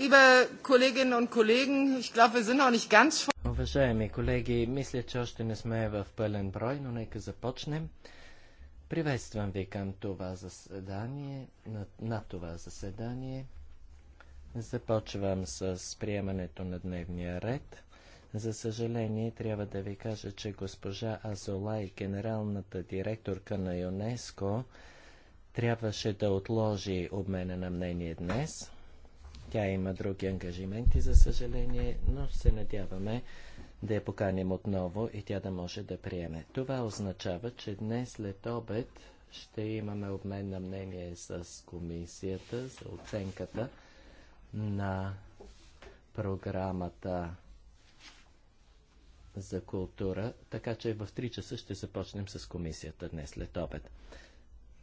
Liebe Kolleginnen und Kollegen, ich glaube, wir sind noch nicht ganz Уважаеми колеги, мисля, че още не сме в пълен брой, но нека започнем. Приветствам ви към това заседание, на, на това заседание. Започвам с приемането на дневния ред. За съжаление, трябва да ви кажа, че госпожа Азолай, генералната директорка на ЮНЕСКО, трябваше да отложи обмена на мнение днес. Тя има други ангажименти, за съжаление, но се надяваме да я поканим отново и тя да може да приеме. Това означава, че днес след обед ще имаме обмен на мнение с комисията за оценката на програмата за култура, така че в 3 часа ще започнем с комисията днес след обед.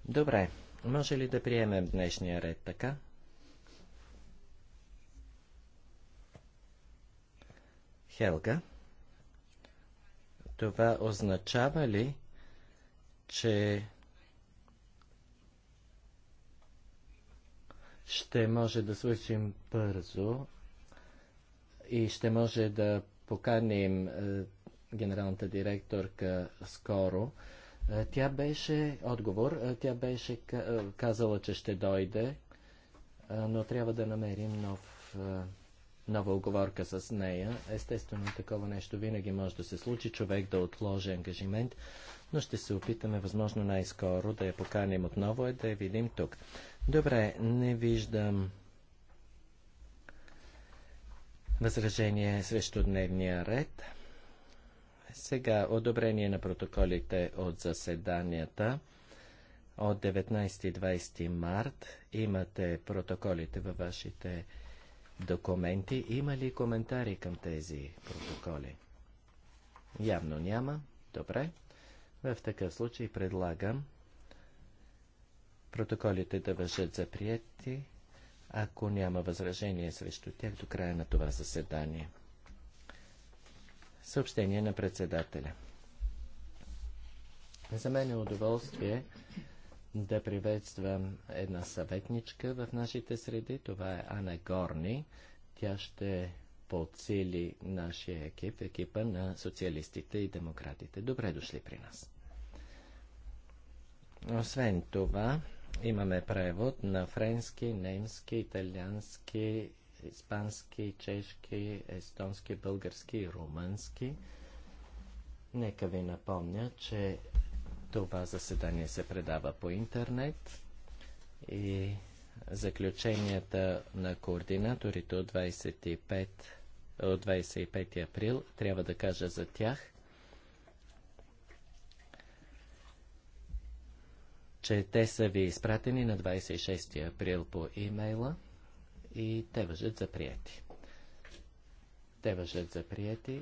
Добре, може ли да приемем днешния ред така? Хелга, това означава ли, че ще може да свършим бързо и ще може да поканим е, генералната директорка скоро. Е, тя беше, отговор, е, тя беше е, казала, че ще дойде, но трябва да намерим нов нова оговорка с нея. Естествено, такова нещо винаги може да се случи, човек да отложи ангажимент, но ще се опитаме възможно най-скоро да я поканим отново и да я видим тук. Добре, не виждам възражение срещу дневния ред. Сега одобрение на протоколите от заседанията от 19 и 20 март. Имате протоколите във вашите документи. Има ли коментари към тези протоколи? Явно няма. Добре. В такъв случай предлагам протоколите да въжат за приети, ако няма възражение срещу тях до края на това заседание. Съобщение на председателя. За мен е удоволствие да приветствам една съветничка в нашите среди. Това е Ана Горни. Тя ще подсили нашия екип, екипа на социалистите и демократите. Добре дошли при нас. Освен това, имаме превод на френски, немски, италиански, испански, чешки, естонски, български и румънски. Нека ви напомня, че това заседание се предава по интернет и заключенията на координаторите от 25, от 25 април трябва да кажа за тях – че те са ви изпратени на 26 април по имейла и те въжат за прияти. Те въжат за прияти,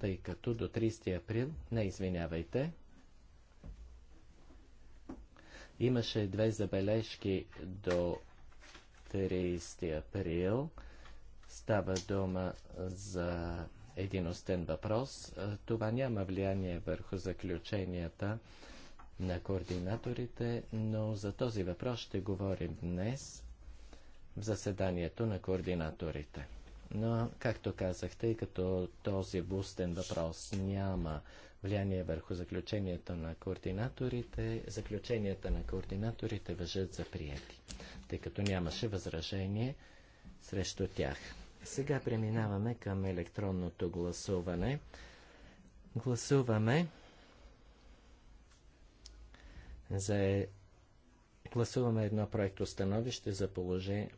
тъй като до 30 април, не извинявайте, Имаше две забележки до 30 април. Става дума за един остен въпрос. Това няма влияние върху заключенията на координаторите, но за този въпрос ще говорим днес в заседанието на координаторите. Но, както казах, тъй като този бустен въпрос няма влияние върху заключението на координаторите. Заключенията на координаторите въжат за приети, тъй като нямаше възражение срещу тях. Сега преминаваме към електронното гласуване. Гласуваме за е- гласуваме едно проекто становище за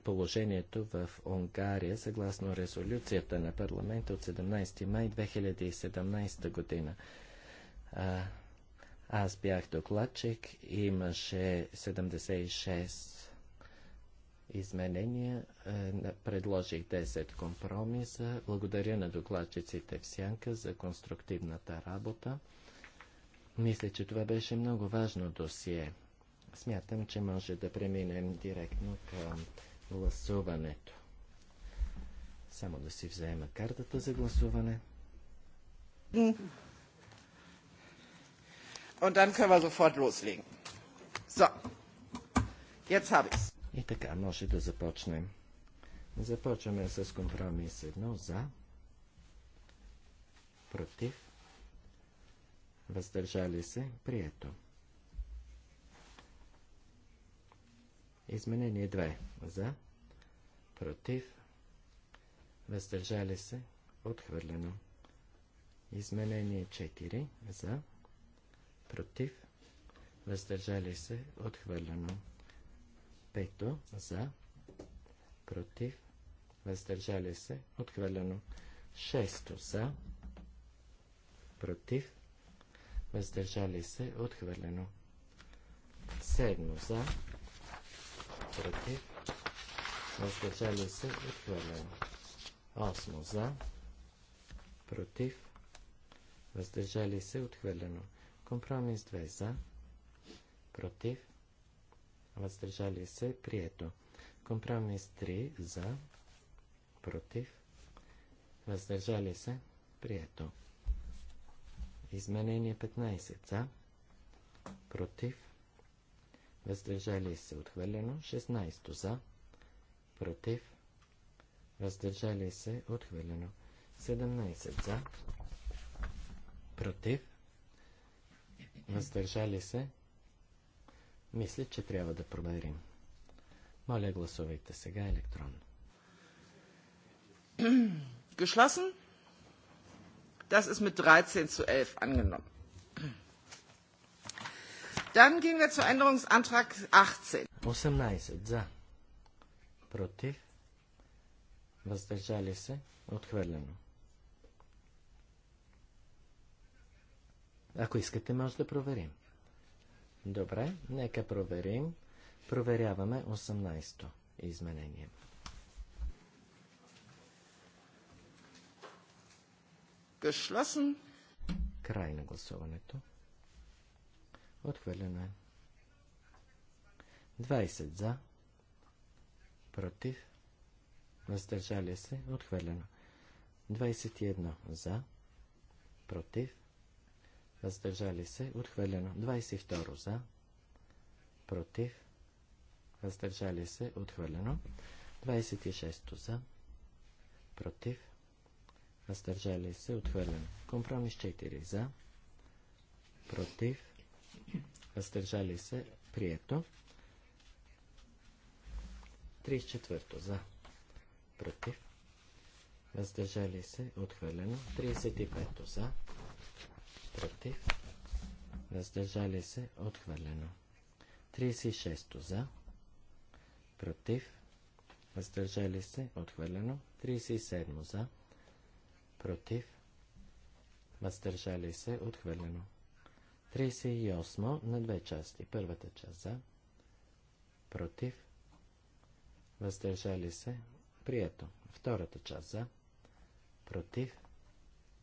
положението в Унгария, съгласно резолюцията на парламента от 17 май 2017 година. А, аз бях докладчик, имаше 76 изменения, е, предложих 10 компромиса. Благодаря на докладчиците в Сянка за конструктивната работа. Мисля, че това беше много важно досие. Смятам, че може да преминем директно към гласуването. Само да си взема картата за гласуване. Und dann können wir sofort loslegen. So, jetzt habe И така, може да започнем. Започваме с компромис едно за, против, въздържали се, прието. Изменение 2 за, против, въздържали се, отхвърлено. Изменение 4 за, против, въздържали се, отхвърлено. Пето за, против, въздържали се, отхвърлено. Шесто за, против, въздържали се, отхвърлено. Седмо за, против, въздържали се, отхвърлено. Осмо за, против, въздържали се, отхвърлено. Компромис 2 за, против, въздържали се, прието. Компромис 3 за, против, въздържали се, прието. Изменение 15 за, против, въздържали се, отхвърлено. 16 за, против, въздържали се, отхвърлено. 17 за, против, въздържали се, мисля, че трябва да проверим. Моля, гласувайте сега електронно. Geschlossen. Das ist mit 13 zu 11 angenommen. Dann gehen wir zu Änderungsantrag 18. 18 за. Против. Въздържали се. Отхвърлено. 18. Ако искате, може да проверим. Добре, нека проверим. Проверяваме 18-то изменение. Geschlossen. Край на гласуването. Отхвърлено е. 20 за. Против. Въздържали се. Отхвърлено. 21 за. Против въздържали се, отхвърлено. 22 за, против, въздържали се, отхвърлено. 26 за, против, въздържали се, отхвърлено. Компромис 4 за, против, въздържали се, прието. 34 за, против, въздържали се, отхвърлено. 35 за, против, въздържали се, отхвърлено. 36 за, против, въздържали се, отхвърлено. 37 за, против, въздържали се, отхвърлено. 38 на две части. Първата част за, против, въздържали се, прието. Втората част за, против,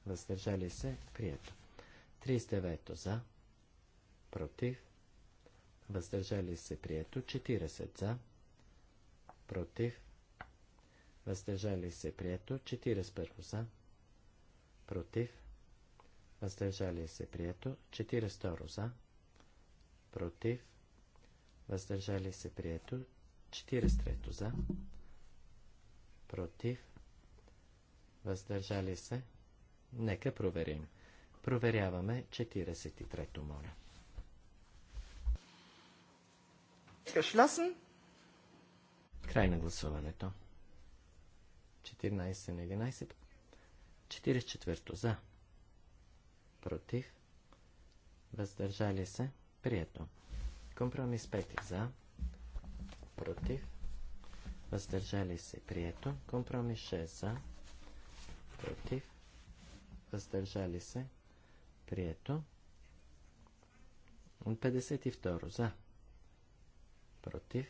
въздържали се, прието. 39 за, против, въздържали се прието, 40 за, против, въздържали се прието, 41 за, против, въздържали се прието, 42 за, против, въздържали се прието, 43 за, против, въздържали се, нека проверим. Проверяваме 43-то, моля. Geschlossen. Край на гласуването. 14 на 11. 44 за. Против. Въздържали се. Прието. Компромис 5 за. Против. Въздържали се. Прието. Компромис 6 за. Против. Въздържали се. Прието. 52. За. Против.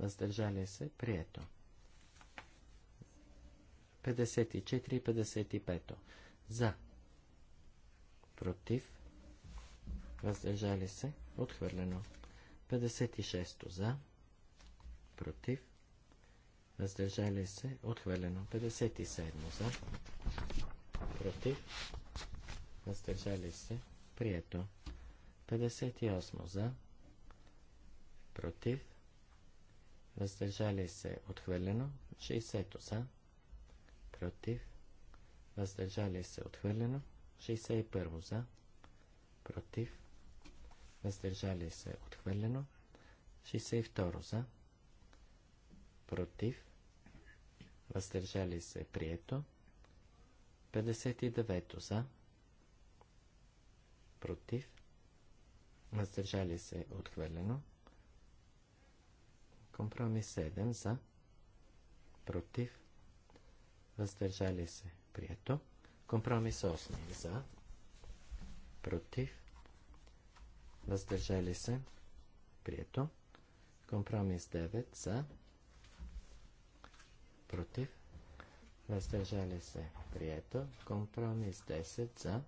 Въздържали се. Прието. 54 и 55. За. Против. Въздържали се. Отхвърлено. 56. За. Против. Въздържали се. Отхвърлено. 57. За. Против въздържали се, прието. 58 за, против, въздържали се, отхвърлено. 60 за, против, въздържали се, отхвърлено. 61 за, против, въздържали се, отхвърлено. 62 за, против, въздържали се, прието. 59 за, против, въздържали се отхвърлено. Компромис 7 за, против, въздържали се прието. Компромис 8 за, против, въздържали се прието. Компромис 9 за, против, въздържали се прието. Компромис 10 за,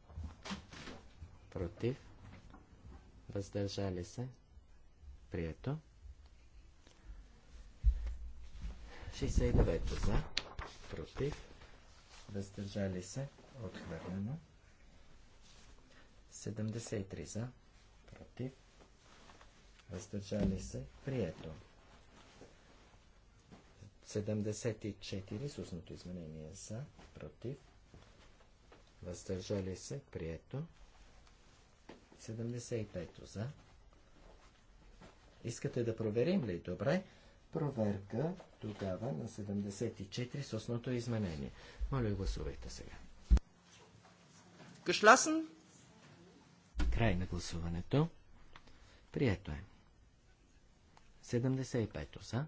против, въздържали се, прието. 69 за, против, въздържали се, отхвърлено. 73 за, против, въздържали се, прието. 74 с устното изменение за, против, въздържали се, прието. 75 за. Искате да проверим ли? Добре. Проверка тогава на 74 с основното изменение. Моля, гласувайте сега. Кашласен. Край на гласуването. Прието е. 75 за.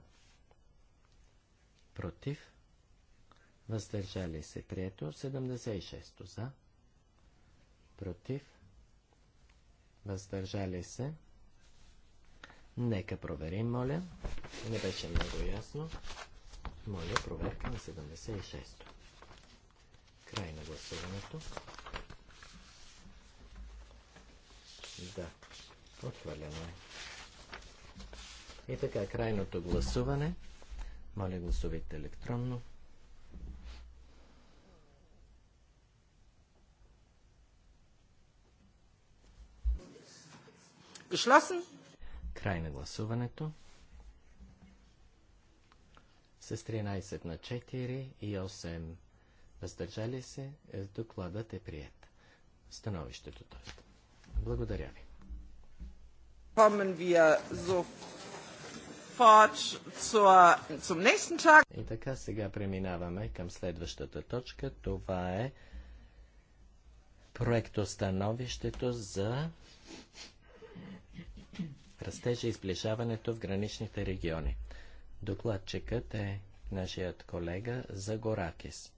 Против. Въздържали се. Прието. 76 за. Против въздържали се. Нека проверим, моля. Не беше много ясно. Моля, проверка на 76-то. Край на гласуването. Да, отхвърлено е. И така, крайното гласуване. Моля, гласувайте електронно. Geschlossen. Край на гласуването. С 13 на 4 и 8 въздържали се, е, докладът е прият. Становището т.е. Благодаря ви. И така сега преминаваме към следващата точка. Това е проектостановището за растежа и сближаването в граничните региони. Докладчикът е нашият колега Загоракис.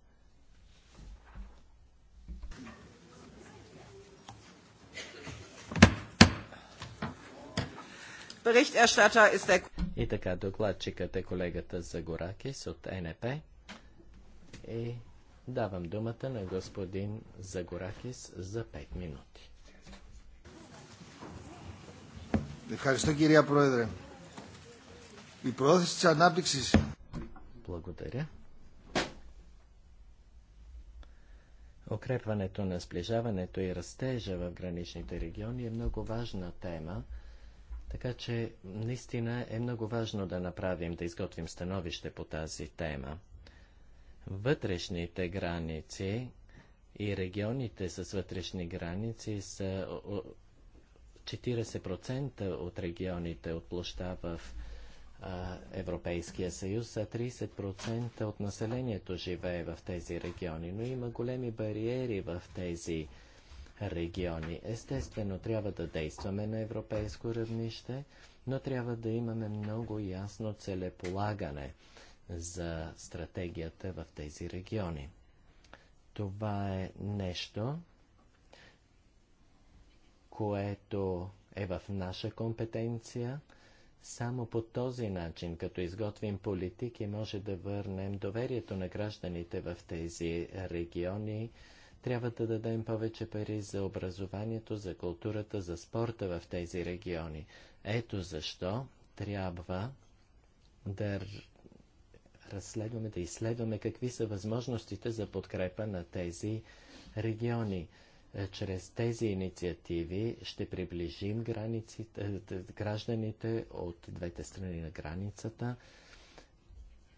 И така, докладчикът е колегата Загоракис от НП. И давам думата на господин Загоракис за 5 минути. Ευχαριστώ κυρία Πρόεδρε. Η προώθηση της ανάπτυξης... Благодаря. Укрепването на сближаването и растежа в граничните региони е много важна тема, така че наистина е много важно да направим, да изготвим становище по тази тема. Вътрешните граници и регионите с вътрешни граници са 40% от регионите от площа в а, Европейския съюз, а 30% от населението живее в тези региони. Но има големи бариери в тези региони. Естествено, трябва да действаме на европейско равнище, но трябва да имаме много ясно целеполагане за стратегията в тези региони. Това е нещо, което е в наша компетенция. Само по този начин, като изготвим политики, може да върнем доверието на гражданите в тези региони. Трябва да дадем повече пари за образованието, за културата, за спорта в тези региони. Ето защо трябва да разследваме, да изследваме какви са възможностите за подкрепа на тези региони. Е, чрез тези инициативи ще приближим границите, е, гражданите от двете страни на границата.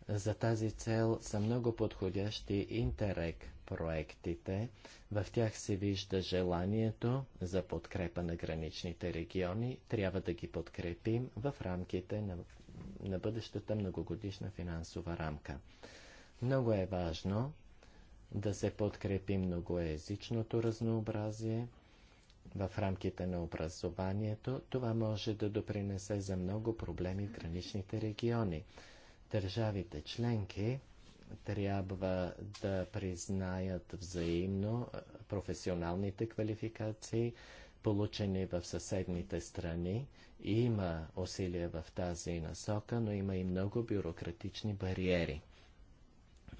За тази цел са много подходящи интерек проектите. В тях се вижда желанието за подкрепа на граничните региони. Трябва да ги подкрепим в рамките на, на бъдещата многогодишна финансова рамка. Много е важно да се подкрепи многоязичното разнообразие в рамките на образованието. Това може да допринесе за много проблеми в граничните региони. Държавите членки трябва да признаят взаимно професионалните квалификации, получени в съседните страни. Има усилия в тази насока, но има и много бюрократични бариери.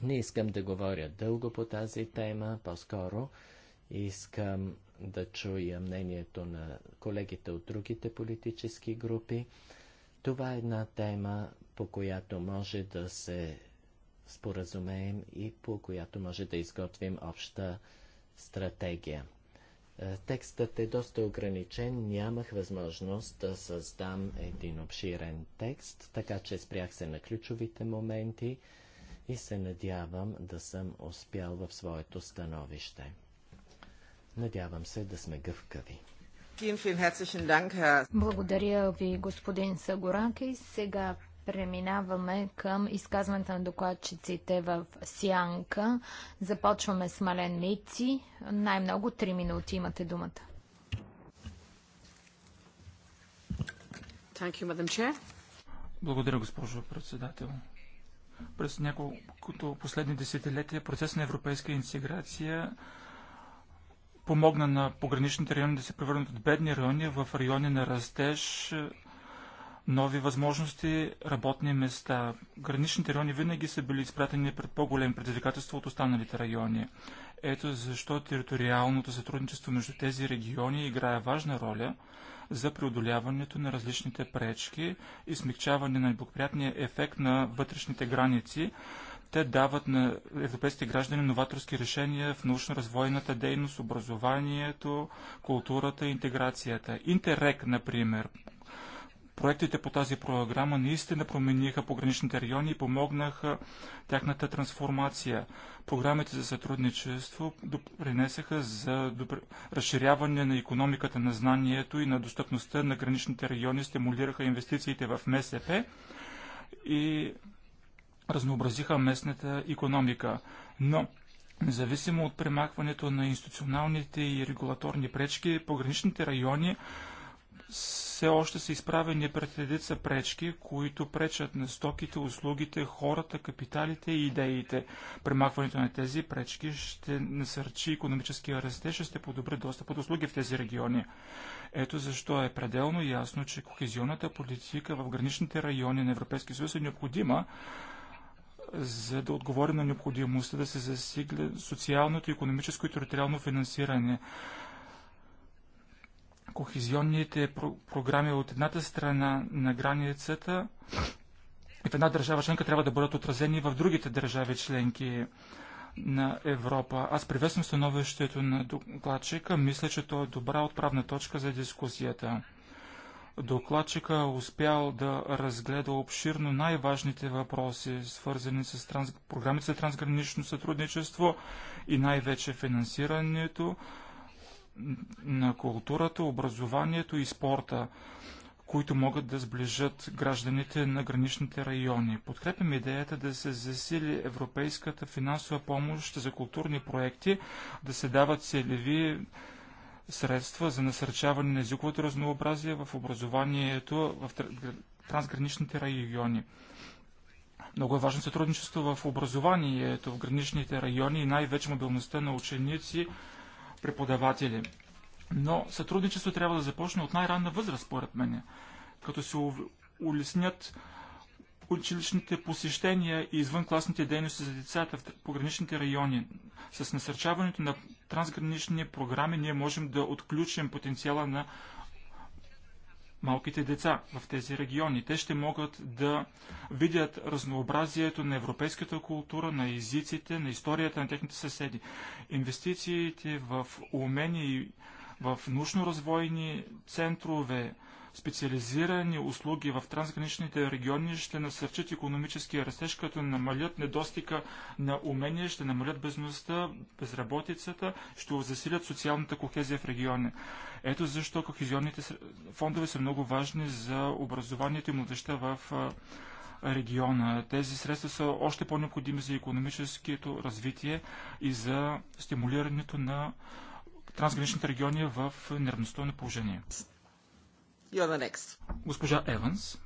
Не искам да говоря дълго по тази тема, по-скоро искам да чуя мнението на колегите от другите политически групи. Това е една тема, по която може да се споразумеем и по която може да изготвим обща стратегия. Е, текстът е доста ограничен, нямах възможност да създам един обширен текст, така че спрях се на ключовите моменти и се надявам да съм успял в своето становище. Надявам се да сме гъвкави. Благодаря ви, господин Сагоранки. Сега преминаваме към изказването на докладчиците в Сянка. Започваме с Мален Най-много 3 минути имате думата. You, Благодаря, госпожо председател. През няколкото последни десетилетия процес на европейска интеграция помогна на пограничните райони да се превърнат от бедни райони в райони на растеж, нови възможности, работни места. Граничните райони винаги са били изпратени пред по-големи предизвикателства от останалите райони. Ето защо териториалното сътрудничество между тези региони играе важна роля – за преодоляването на различните пречки и смягчаване на неблагоприятния ефект на вътрешните граници. Те дават на европейските граждани новаторски решения в научно-развойната дейност, образованието, културата и интеграцията. Интерек, например, Проектите по тази програма наистина промениха пограничните райони и помогнаха тяхната трансформация. Програмите за сътрудничество допринесеха за допр... разширяване на економиката на знанието и на достъпността на граничните райони, стимулираха инвестициите в МСП и разнообразиха местната економика. Но Независимо от премахването на институционалните и регулаторни пречки, пограничните райони все още са изправени пред редица пречки, които пречат на стоките, услугите, хората, капиталите и идеите. Премахването на тези пречки ще насърчи економическия растеж и ще подобри достъп от услуги в тези региони. Ето защо е пределно ясно, че кохезионната политика в граничните райони на Европейския съюз е необходима, за да отговори на необходимостта да се засигне социалното, економическо и териториално финансиране кохезионните про- програми от едната страна на границата и в една държава членка трябва да бъдат отразени в другите държави членки на Европа. Аз приветствам становището на докладчика. Мисля, че то е добра отправна точка за дискусията. Докладчика е успял да разгледа обширно най-важните въпроси, свързани с транс... програмите за трансгранично сътрудничество и най-вече финансирането, на културата, образованието и спорта, които могат да сближат гражданите на граничните райони. Подкрепям идеята да се засили европейската финансова помощ за културни проекти, да се дават целеви средства за насърчаване на езиковото разнообразие в образованието в трансграничните райони. Много е важно сътрудничество в образованието в граничните райони и най-вече мобилността на ученици преподаватели. Но сътрудничество трябва да започне от най-ранна възраст, според мен, като се улеснят училищните посещения и извънкласните дейности за децата в пограничните райони. С насърчаването на трансгранични програми ние можем да отключим потенциала на малките деца в тези региони. Те ще могат да видят разнообразието на европейската култура, на езиците, на историята на техните съседи. Инвестициите в умения и в научно-развойни центрове, Специализирани услуги в трансграничните региони ще насърчат економическия растеж, като намалят недостига на умения, ще намалят безността, безработицата, ще засилят социалната кохезия в региони. Ето защо кохезионните фондове са много важни за образованието и младеща в региона. Тези средства са още по-необходими за економическото развитие и за стимулирането на трансграничните региони в неравностойно положение the next. Госпожа Еванс.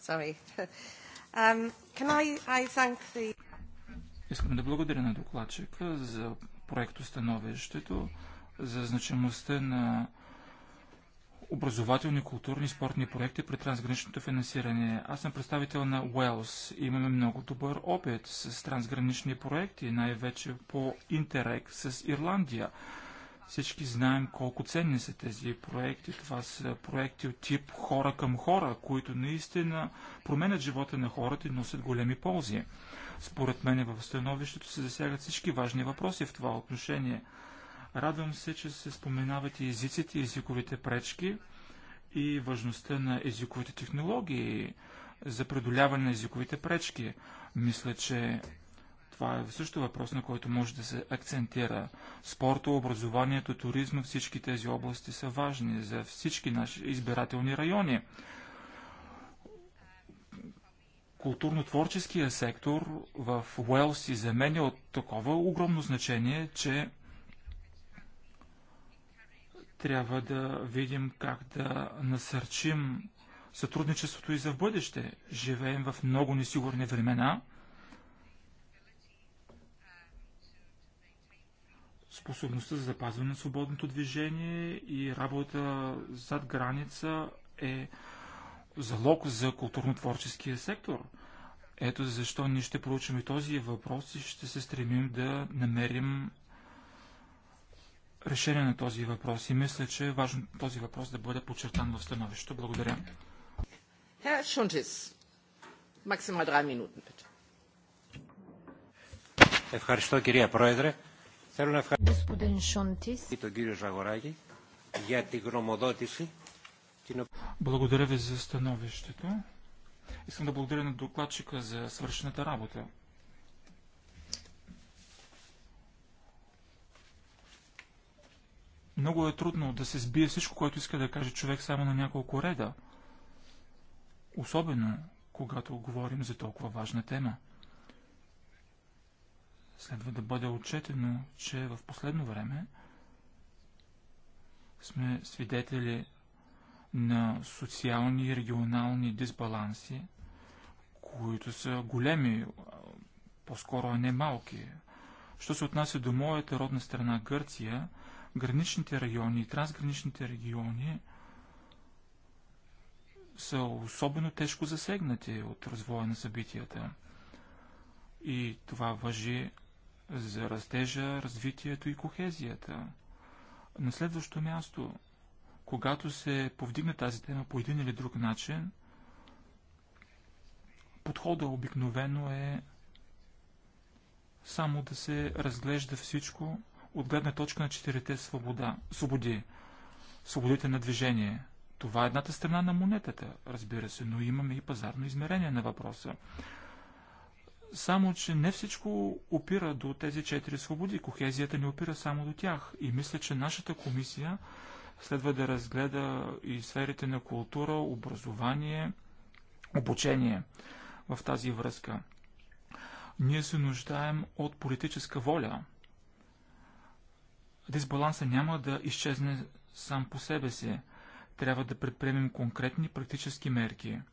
Sorry. Um, can I, I thank the... Искам да благодаря на докладчика за проектостановището, за значимостта на образователни, културни и спортни проекти при трансграничното финансиране. Аз съм представител на Уелс. Имаме много добър опит с трансгранични проекти, най-вече по Интерек с Ирландия. Всички знаем колко ценни са тези проекти. Това са проекти от тип хора към хора, които наистина променят живота на хората и носят големи ползи. Според мен в становището се засягат всички важни въпроси в това отношение. Радвам се, че се споменават и езиците и езиковите пречки и важността на езиковите технологии за преодоляване на езиковите пречки. Мисля, че това е също въпрос, на който може да се акцентира. Спорта, образованието, туризма, всички тези области са важни за всички наши избирателни райони. Културно-творческия сектор в Уелс и за мен е от такова огромно значение, че трябва да видим как да насърчим сътрудничеството и за в бъдеще. Живеем в много несигурни времена – способността за запазване на свободното движение и работа зад граница е залог за културно-творческия сектор. Ето защо ние ще проучим и този въпрос и ще се стремим да намерим решение на този въпрос. И мисля, че е важно този въпрос да бъде подчертан в становището. Благодаря. Herr Шунтис, максимал 3 минути. Ευχαριστώ, κυρία Πρόεδρε. Θέλω να ευχαριστήσω τον κύριο Ζαγοράκη για την γνωμοδότηση. Благодаря ви за становището. Искам да благодаря на докладчика за свършената работа. Много е трудно да се сбие всичко, което иска да каже човек само на няколко реда. Особено, когато говорим за толкова важна тема. Следва да бъде отчетено, че в последно време сме свидетели на социални и регионални дисбаланси, които са големи, по-скоро не малки. Що се отнася до моята родна страна Гърция, граничните райони и трансграничните региони са особено тежко засегнати от развоя на събитията. И това въжи за растежа, развитието и кохезията. На следващо място, когато се повдигне тази тема по един или друг начин, подхода обикновено е само да се разглежда всичко от гледна точка на четирите свобода, свободи, свободите на движение. Това е едната страна на монетата, разбира се, но имаме и пазарно измерение на въпроса. Само, че не всичко опира до тези четири свободи. Кохезията не опира само до тях. И мисля, че нашата комисия следва да разгледа и сферите на култура, образование, обучение в тази връзка. Ние се нуждаем от политическа воля. Дисбаланса няма да изчезне сам по себе си. Трябва да предприемем конкретни практически мерки –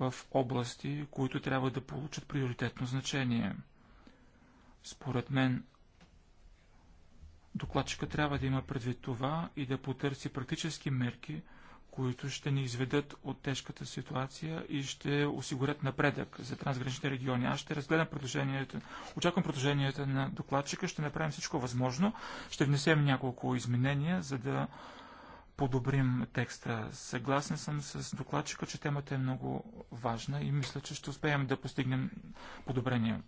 в области, които трябва да получат приоритетно значение. Според мен, докладчика трябва да има предвид това и да потърси практически мерки, които ще ни изведат от тежката ситуация и ще осигурят напредък за трансграничните региони. Аз ще разгледам предложенията, очаквам предложението на докладчика, ще направим всичко възможно, ще внесем няколко изменения, за да подобрим текста. Съгласен съм с докладчика, че темата е много важна и мисля, че ще успеем да постигнем подобрение.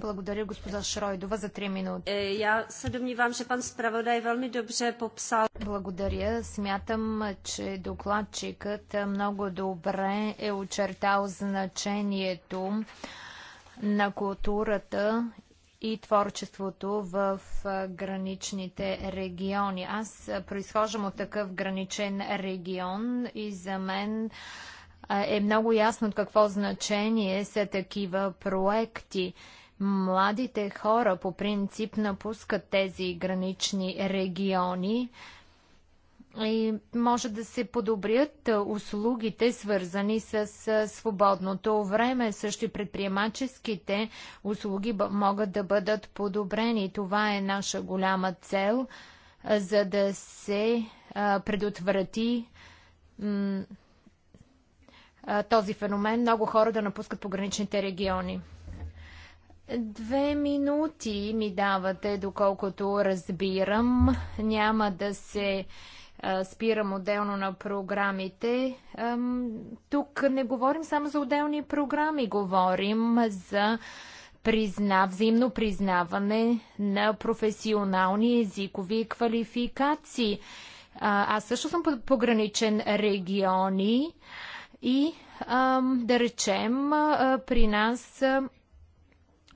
Благодаря господа Шройдова за три минути. Е, я се домнívам, че пан справодай velmi добре попсал. Благодаря. Смятам, че докладчикът много добре е очертал значението на културата и творчеството в граничните региони. Аз произхождам от такъв граничен регион и за мен е много ясно от какво значение са такива проекти. Младите хора по принцип напускат тези гранични региони и може да се подобрят услугите, свързани с свободното време. Също и предприемаческите услуги могат да бъдат подобрени. Това е наша голяма цел, за да се предотврати този феномен. Много хора да напускат пограничните региони. Две минути ми давате, доколкото разбирам. Няма да се спирам отделно на програмите. Тук не говорим само за отделни програми, говорим за призна, взаимно признаване на професионални езикови квалификации. Аз също съм пограничен региони и да речем при нас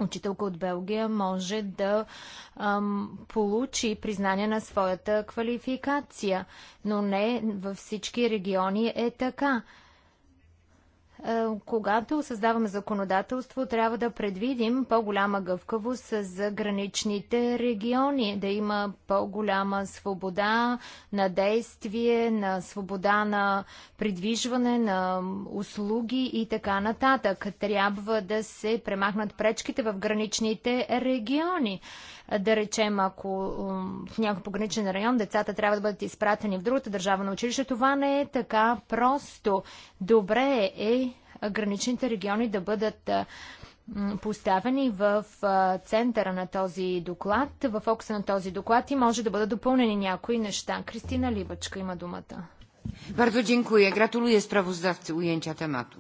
учителка от Белгия може да ам, получи признание на своята квалификация, но не във всички региони е така. Е, когато създаваме законодателство, трябва да предвидим по-голяма гъвкавост за граничните региони, да има по-голяма свобода на действие, на свобода на придвижване, на услуги и така нататък. Трябва да се премахнат пречките в граничните региони. Да речем, ако в някой пограничен район децата трябва да бъдат изпратени в другата държава на училище, това не е така просто. Добре е граничните региони да бъдат поставени в центъра на този доклад, в фокуса на този доклад и може да бъдат допълнени някои неща. Кристина Либачка има думата. Bardzo dziękuję. Gratuluję sprawozdawcy ujęcia tematu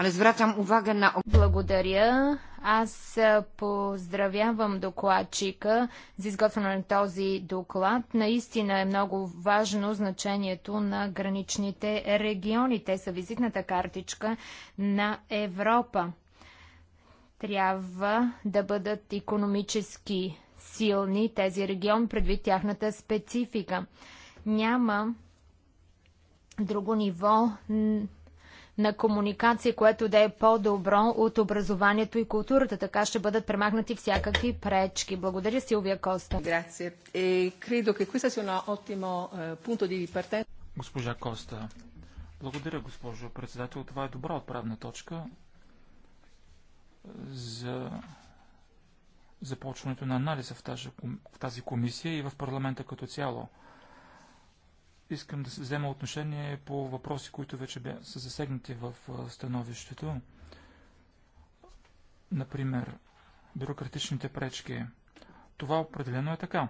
ale zwracam uwagę na... Благодаря. Аз поздравявам докладчика за изготвяне на този доклад. Наистина е много важно значението на граничните региони. Те са визитната картичка на Европа. Трябва да бъдат економически силни тези региони предвид тяхната специфика. Няма друго ниво на комуникация, което да е по-добро от образованието и културата. Така ще бъдат премахнати всякакви пречки. Благодаря, Силвия Коста. Е, е, Госпожа Коста, благодаря, госпожо председател. Това е добра отправна точка за започването на анализа в тази комисия и в парламента като цяло искам да се взема отношение по въпроси, които вече са засегнати в становището. Например, бюрократичните пречки. Това определено е така.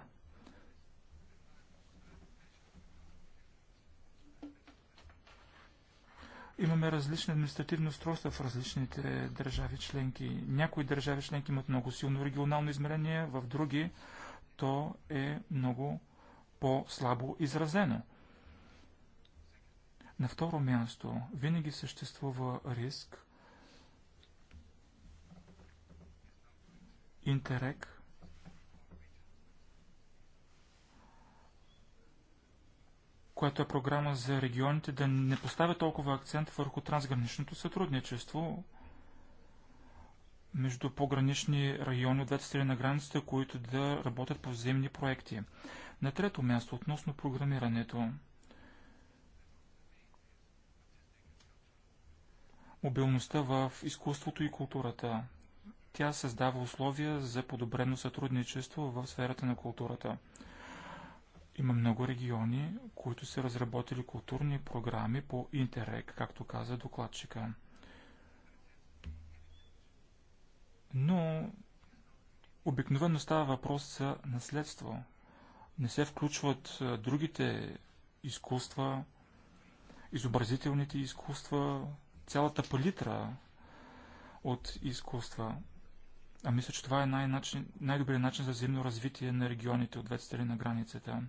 Имаме различни административни устройства в различните държави членки. Някои държави членки имат много силно регионално измерение, в други то е много по-слабо изразено. На второ място, винаги съществува риск Интерек която е програма за регионите, да не поставя толкова акцент върху трансграничното сътрудничество между погранични райони от двете страни на границата, които да работят по взаимни проекти. На трето място, относно програмирането. мобилността в изкуството и културата. Тя създава условия за подобрено сътрудничество в сферата на културата. Има много региони, които са разработили културни програми по Интерек, както каза докладчика. Но обикновено става въпрос за наследство. Не се включват другите изкуства, изобразителните изкуства, цялата палитра от изкуства. А мисля, че това е най добрият начин за взаимно развитие на регионите от двете страни на границата.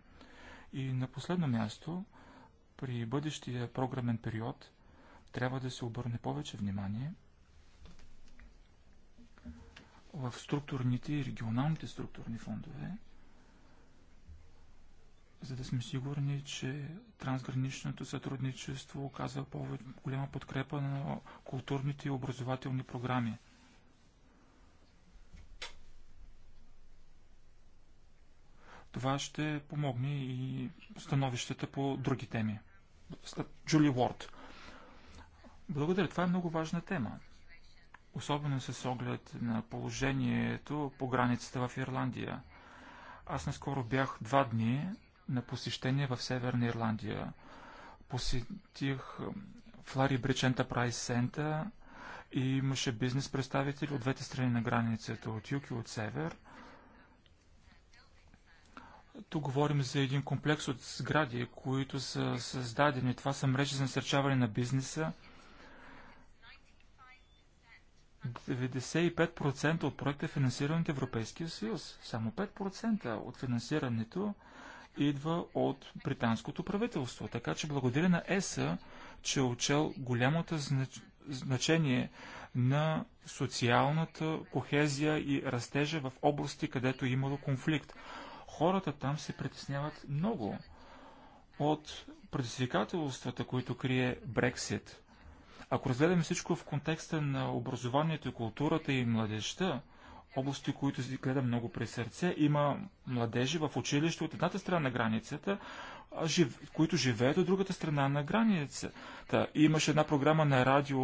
И на последно място, при бъдещия програмен период, трябва да се обърне повече внимание в структурните и регионалните структурни фондове за да сме сигурни, че трансграничното сътрудничество оказва по-голяма подкрепа на културните и образователни програми. Това ще помогне и становищата по други теми. Джули Уорд. Благодаря, това е много важна тема. Особено с оглед на положението по границата в Ирландия. Аз наскоро бях два дни на посещение в Северна Ирландия. Посетих Флари Бридж Ентерпрайз Сента и имаше бизнес представители от двете страни на границата, от юг и от север. Тук говорим за един комплекс от сгради, които са създадени. Това са мрежи за насърчаване на бизнеса. 95% от проекта е финансиран от Европейския съюз. Само 5% от финансирането идва от британското правителство. Така че благодаря на ЕСА, че е учел голямото значение на социалната кохезия и растежа в области, където е имало конфликт. Хората там се притесняват много от предизвикателствата, които крие Брексит. Ако разгледаме всичко в контекста на образованието, културата и младежта, области, които си гледам много при сърце. Има младежи в училище от едната страна на границата, които живеят от другата страна на границата. Имаше една програма на радио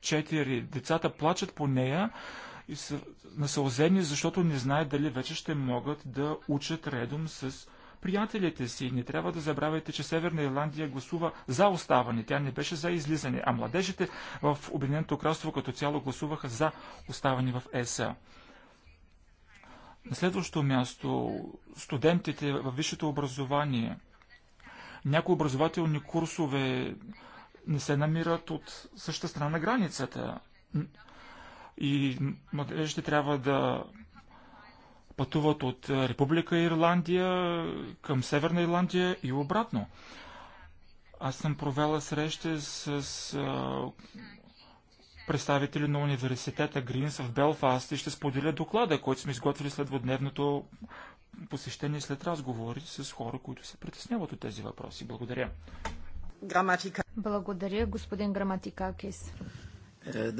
4. Децата плачат по нея и са насълзени, защото не знаят дали вече ще могат да учат редом с приятелите си. Не трябва да забравяйте, че Северна Ирландия гласува за оставане. Тя не беше за излизане, а младежите в Обединеното кралство като цяло гласуваха за оставане в ЕСА. На следващо място, студентите във висшето образование. Някои образователни курсове не се намират от същата страна на границата. И младежите трябва да пътуват от Република Ирландия към Северна Ирландия и обратно. Аз съм провела среща с представители на университета Гринс в Белфаст и ще споделя доклада, който сме изготвили след въдневното посещение след разговори с хора, които се притесняват от тези въпроси. Благодаря. Граматика. Благодаря, господин Граматикакис. Е,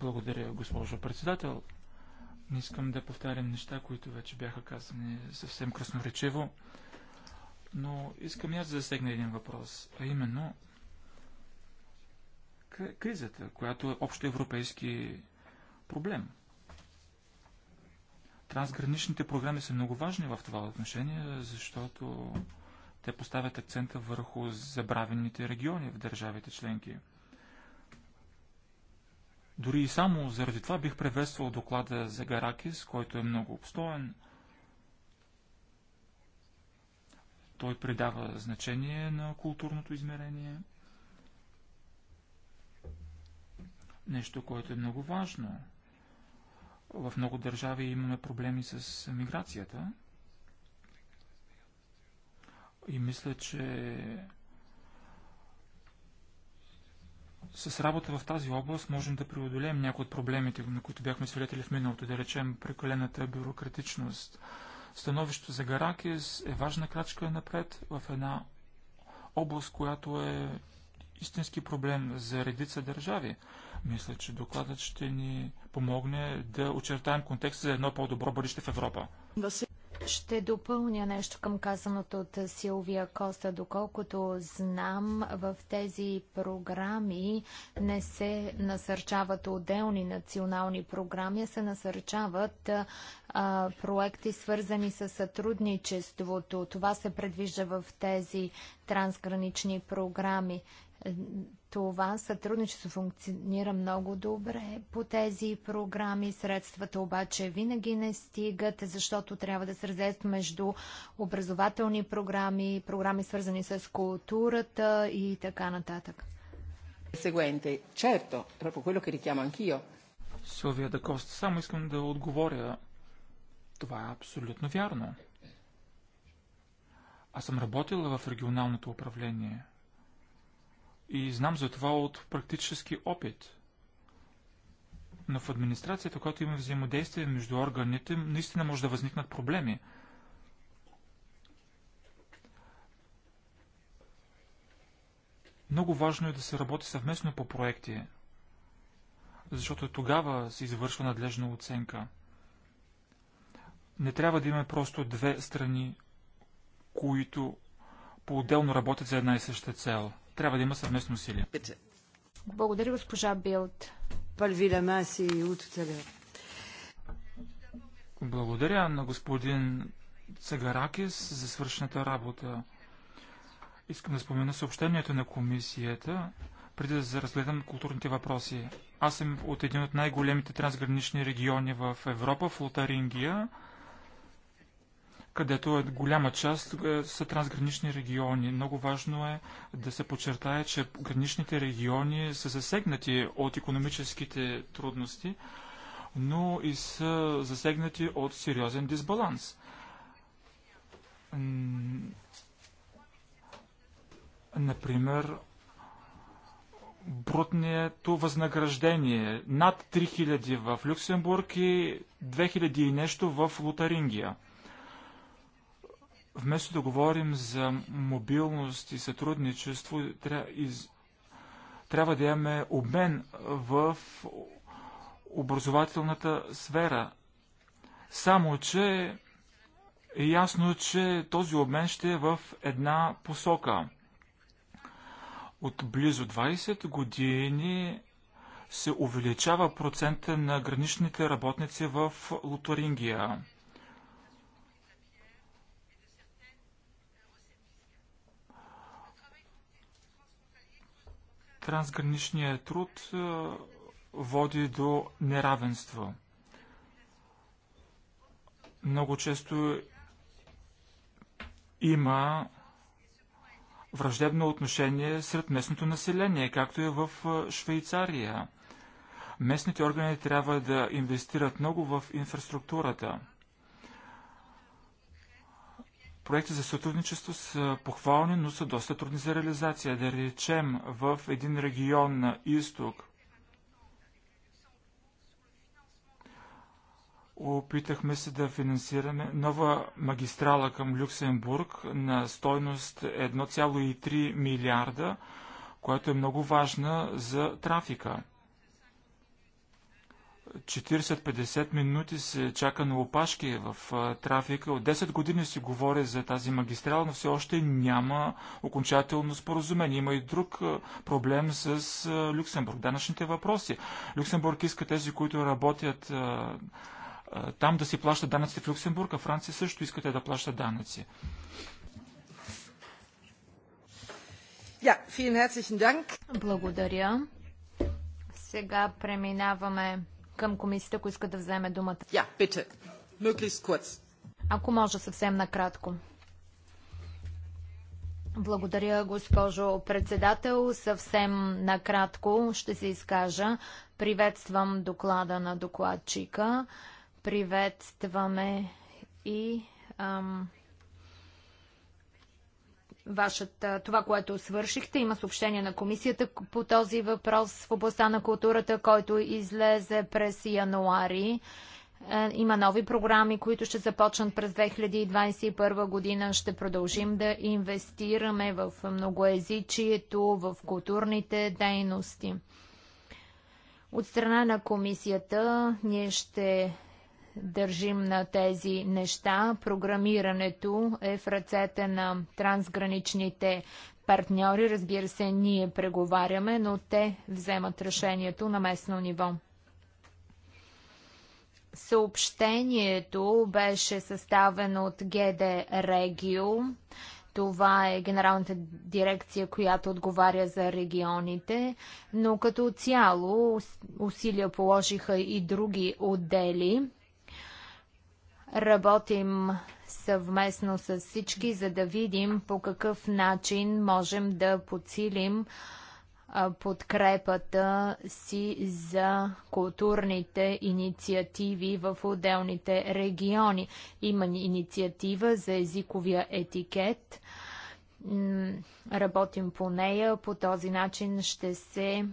Благодаря, госпожо председател. Не искам да повтарям неща, които вече бяха казани съвсем красноречиво, но искам и аз да засегна един въпрос, а именно кризата, която е общо европейски проблем. Трансграничните програми са много важни в това отношение, защото те поставят акцента върху забравените региони в държавите членки. Дори и само заради това бих приветствал доклада за Гаракис, който е много обстоен. Той придава значение на културното измерение – Нещо, което е много важно. В много държави имаме проблеми с миграцията. И мисля, че с работа в тази област можем да преодолеем някои от проблемите, на които бяхме свидетели в миналото, да речем прекалената бюрократичност. Становището за Гаракис е важна крачка напред в една област, която е истински проблем за редица държави. Мисля, че докладът ще ни помогне да очертаем контекст за едно по-добро бъдеще в Европа. Ще допълня нещо към казаното от Силвия Коста. Доколкото знам, в тези програми не се насърчават отделни национални програми, а се насърчават а, проекти, свързани с сътрудничеството. Това се предвижда в тези трансгранични програми това сътрудничество функционира много добре по тези програми. Средствата обаче винаги не стигат, защото трябва да се разделят между образователни програми, програми свързани с културата и така нататък. Сегуенте, черто, proprio което che richiamo Силвия Дакост, само искам да отговоря. Това е абсолютно вярно. Аз съм работила в регионалното управление – и знам за това от практически опит. Но в администрацията, когато има взаимодействие между органите, наистина може да възникнат проблеми. Много важно е да се работи съвместно по проекти, защото тогава се извършва надлежна оценка. Не трябва да имаме просто две страни, които по-отделно работят за една и съща цел – трябва да има съвместно усилие. Благодаря, госпожа Билд. Благодаря на господин Цагаракис за свършната работа. Искам да спомена съобщението на комисията, преди да разгледам културните въпроси. Аз съм от един от най-големите трансгранични региони в Европа, в Лотарингия където е голяма част е, са трансгранични региони. Много важно е да се подчертае, че граничните региони са засегнати от економическите трудности, но и са засегнати от сериозен дисбаланс. Например, брутното възнаграждение над 3000 в Люксембург и 2000 и нещо в Лотарингия. Вместо да говорим за мобилност и сътрудничество, трябва да имаме обмен в образователната сфера. Само, че е ясно, че този обмен ще е в една посока. От близо 20 години се увеличава процента на граничните работници в Лотарингия. Трансграничният труд води до неравенство. Много често има враждебно отношение сред местното население, както е в Швейцария. Местните органи трябва да инвестират много в инфраструктурата – проекти за сътрудничество са похвални, но са доста трудни за реализация. Да речем в един регион на изток. Опитахме се да финансираме нова магистрала към Люксембург на стойност 1,3 милиарда, която е много важна за трафика. 40-50 минути се чака на опашки в трафика. От 10 години се говори за тази магистрала, но все още няма окончателно споразумение. Има и друг проблем с Люксембург. Данъчните въпроси. Люксембург иска тези, които работят там да си плащат данъци в Люксембург, а Франция също искате да плащат данъци. Благодаря. Сега преминаваме към комисията, ако иска да вземе думата. Ja, bitte. Möglichst kurz. Ако може съвсем накратко. Благодаря, госпожо председател. Съвсем накратко ще се изкажа. Приветствам доклада на докладчика. Приветстваме и ам, вашата, това, което свършихте. Има съобщение на комисията по този въпрос в областта на културата, който излезе през януари. Е, има нови програми, които ще започнат през 2021 година. Ще продължим да инвестираме в многоезичието, в културните дейности. От страна на комисията ние ще държим на тези неща. Програмирането е в ръцете на трансграничните партньори. Разбира се, ние преговаряме, но те вземат решението на местно ниво. Съобщението беше съставено от ГД Регио. Това е генералната дирекция, която отговаря за регионите, но като цяло усилия положиха и други отдели. Работим съвместно с всички, за да видим по какъв начин можем да подсилим подкрепата си за културните инициативи в отделните региони. Има инициатива за езиковия етикет. Работим по нея. По този начин ще се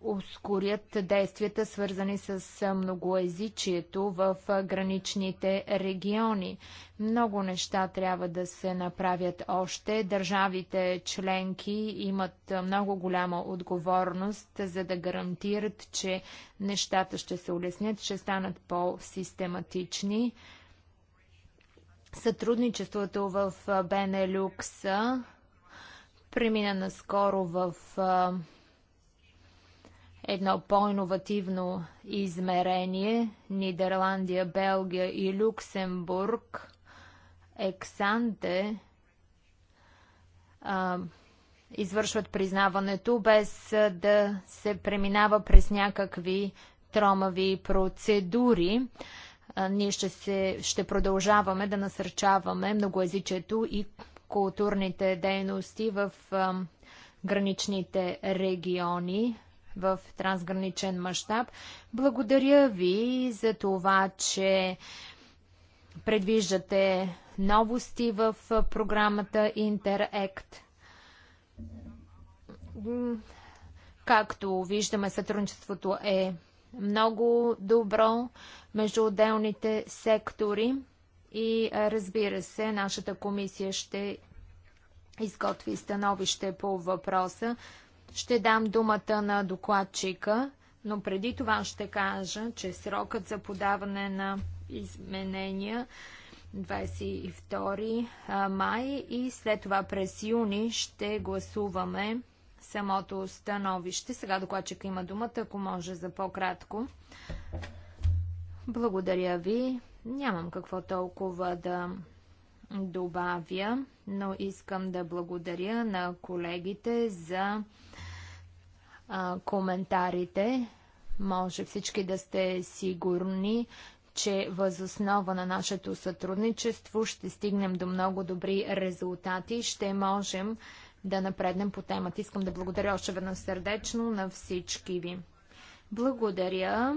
ускорят действията, свързани с многоезичието в граничните региони. Много неща трябва да се направят още. Държавите членки имат много голяма отговорност, за да гарантират, че нещата ще се улеснят, ще станат по-систематични. Сътрудничеството в Бенелюкса премина наскоро в едно по-инновативно измерение. Нидерландия, Белгия и Люксембург ексанте а, извършват признаването без да се преминава през някакви тромави процедури. А, ние ще, се, ще продължаваме да насърчаваме многоязичието и културните дейности в а, граничните региони в трансграничен мащаб. Благодаря ви за това, че предвиждате новости в програмата Интерект. Както виждаме, сътрудничеството е много добро между отделните сектори и разбира се, нашата комисия ще изготви становище по въпроса. Ще дам думата на докладчика, но преди това ще кажа, че срокът за подаване на изменения 22 май и след това през юни ще гласуваме самото становище. Сега докладчика има думата, ако може за по-кратко. Благодаря ви. Нямам какво толкова да добавя, но искам да благодаря на колегите за а, коментарите. Може всички да сте сигурни, че възоснова на нашето сътрудничество ще стигнем до много добри резултати. Ще можем да напреднем по темата. Искам да благодаря още веднъж сърдечно на всички ви. Благодаря.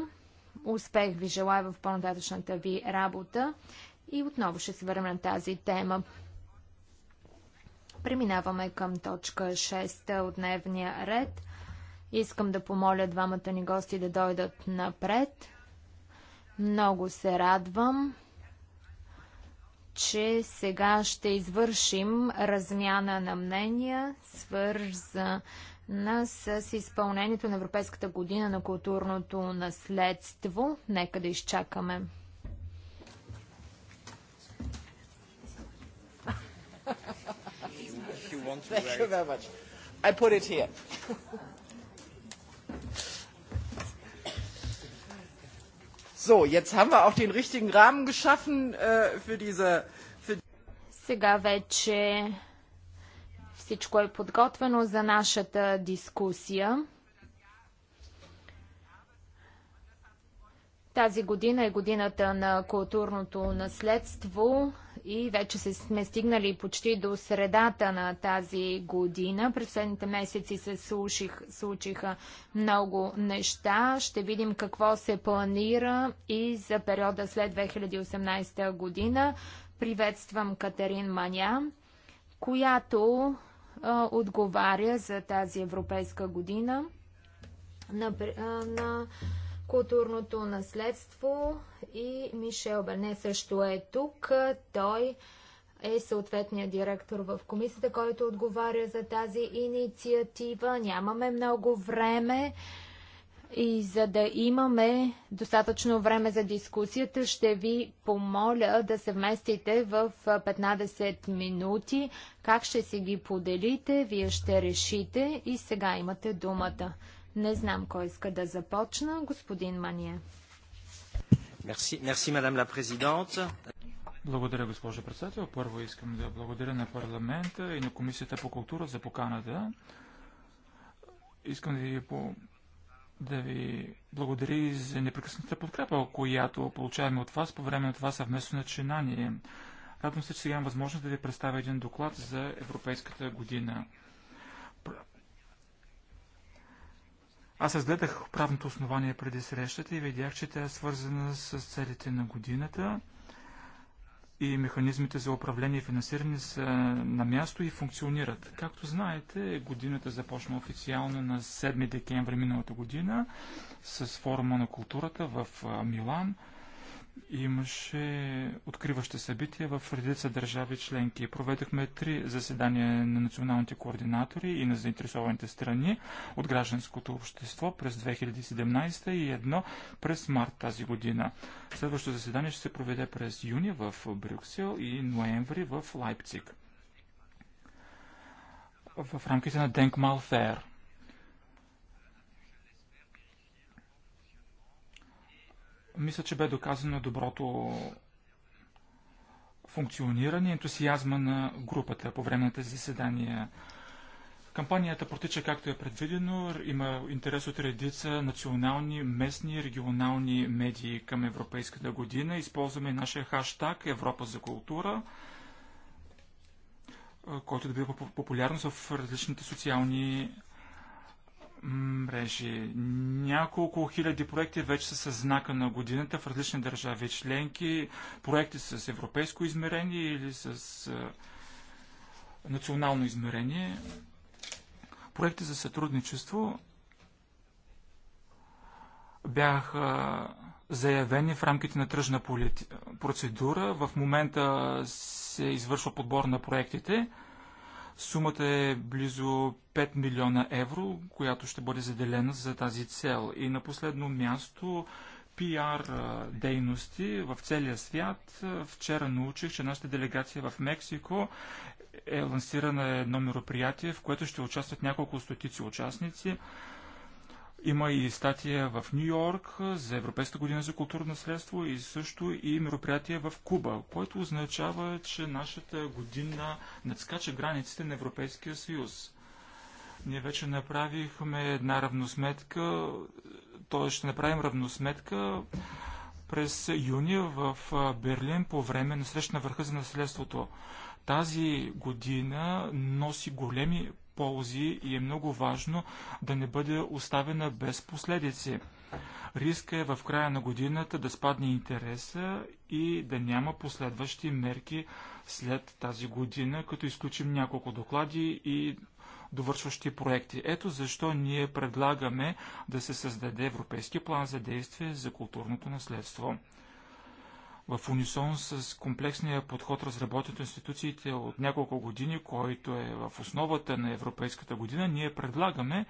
Успех ви желая в по-нататъчната ви работа и отново ще се върнем на тази тема. Преминаваме към точка 6 от дневния ред – Искам да помоля двамата ни гости да дойдат напред. Много се радвам, че сега ще извършим размяна на мнения, свързана с изпълнението на Европейската година на културното наследство. Нека да изчакаме. Thank you very much. I put it here. So, jetzt haben wir auch den richtigen Rahmen geschaffen äh, für diese. Für Сега вече всичко е подготвено за нашата дискусия. Тази година е годината на културното наследство и вече сме стигнали почти до средата на тази година. През следните месеци се слуших, случиха много неща. Ще видим какво се планира и за периода след 2018 година. Приветствам Катерин Маня, която а, отговаря за тази европейска година на, а, на културното наследство и Мишел Бене също е тук. Той е съответният директор в комисията, който отговаря за тази инициатива. Нямаме много време и за да имаме достатъчно време за дискусията, ще ви помоля да се вместите в 15 минути. Как ще си ги поделите, вие ще решите и сега имате думата. Не знам кой иска да започна. Господин Мания. Merci, merci, Благодаря, госпожо председател. Първо искам да благодаря на парламента и на Комисията по култура за поканата. Искам да ви, по... да ви благодаря и за непрекъсната подкрепа, която получаваме от вас по време на това съвместно начинание. Радвам се, че сега имам възможност да ви представя един доклад за Европейската година. Аз разгледах правното основание преди срещата и видях, че тя е свързана с целите на годината и механизмите за управление и финансиране са на място и функционират. Както знаете, годината започна официално на 7 декември миналата година с форума на културата в Милан – Имаше откриващи събития в редица държави членки. Проведохме три заседания на националните координатори и на заинтересованите страни от гражданското общество през 2017 и едно през март тази година. Следващото заседание ще се проведе през юни в Брюксел и ноември в Лайпциг. В рамките на Денк Малфер – Мисля, че бе доказано доброто функциониране и ентусиазма на групата по време на тези заседания. Кампанията протича както е предвидено. Има интерес от редица национални, местни, регионални медии към Европейската година. Използваме нашия хаштаг Европа за култура, който добива популярност в различните социални мрежи. Няколко хиляди проекти вече са с знака на годината в различни държави членки. Проекти с европейско измерение или с национално измерение. Проекти за сътрудничество бяха заявени в рамките на тръжна процедура. В момента се извършва подбор на проектите. Сумата е близо 5 милиона евро, която ще бъде заделена за тази цел. И на последно място пиар дейности в целия свят. Вчера научих, че нашата делегация в Мексико е лансирана едно мероприятие, в което ще участват няколко стотици участници. Има и статия в Нью Йорк за Европейската година за културно наследство и също и мероприятие в Куба, което означава, че нашата година надскача границите на Европейския съюз. Ние вече направихме една равносметка, т.е. ще направим равносметка през юни в Берлин по време на среща на върха за наследството. Тази година носи големи ползи и е много важно да не бъде оставена без последици. Риска е в края на годината да спадне интереса и да няма последващи мерки след тази година, като изключим няколко доклади и довършващи проекти. Ето защо ние предлагаме да се създаде Европейски план за действие за културното наследство в унисон с комплексния подход, разработен от институциите от няколко години, който е в основата на Европейската година, ние предлагаме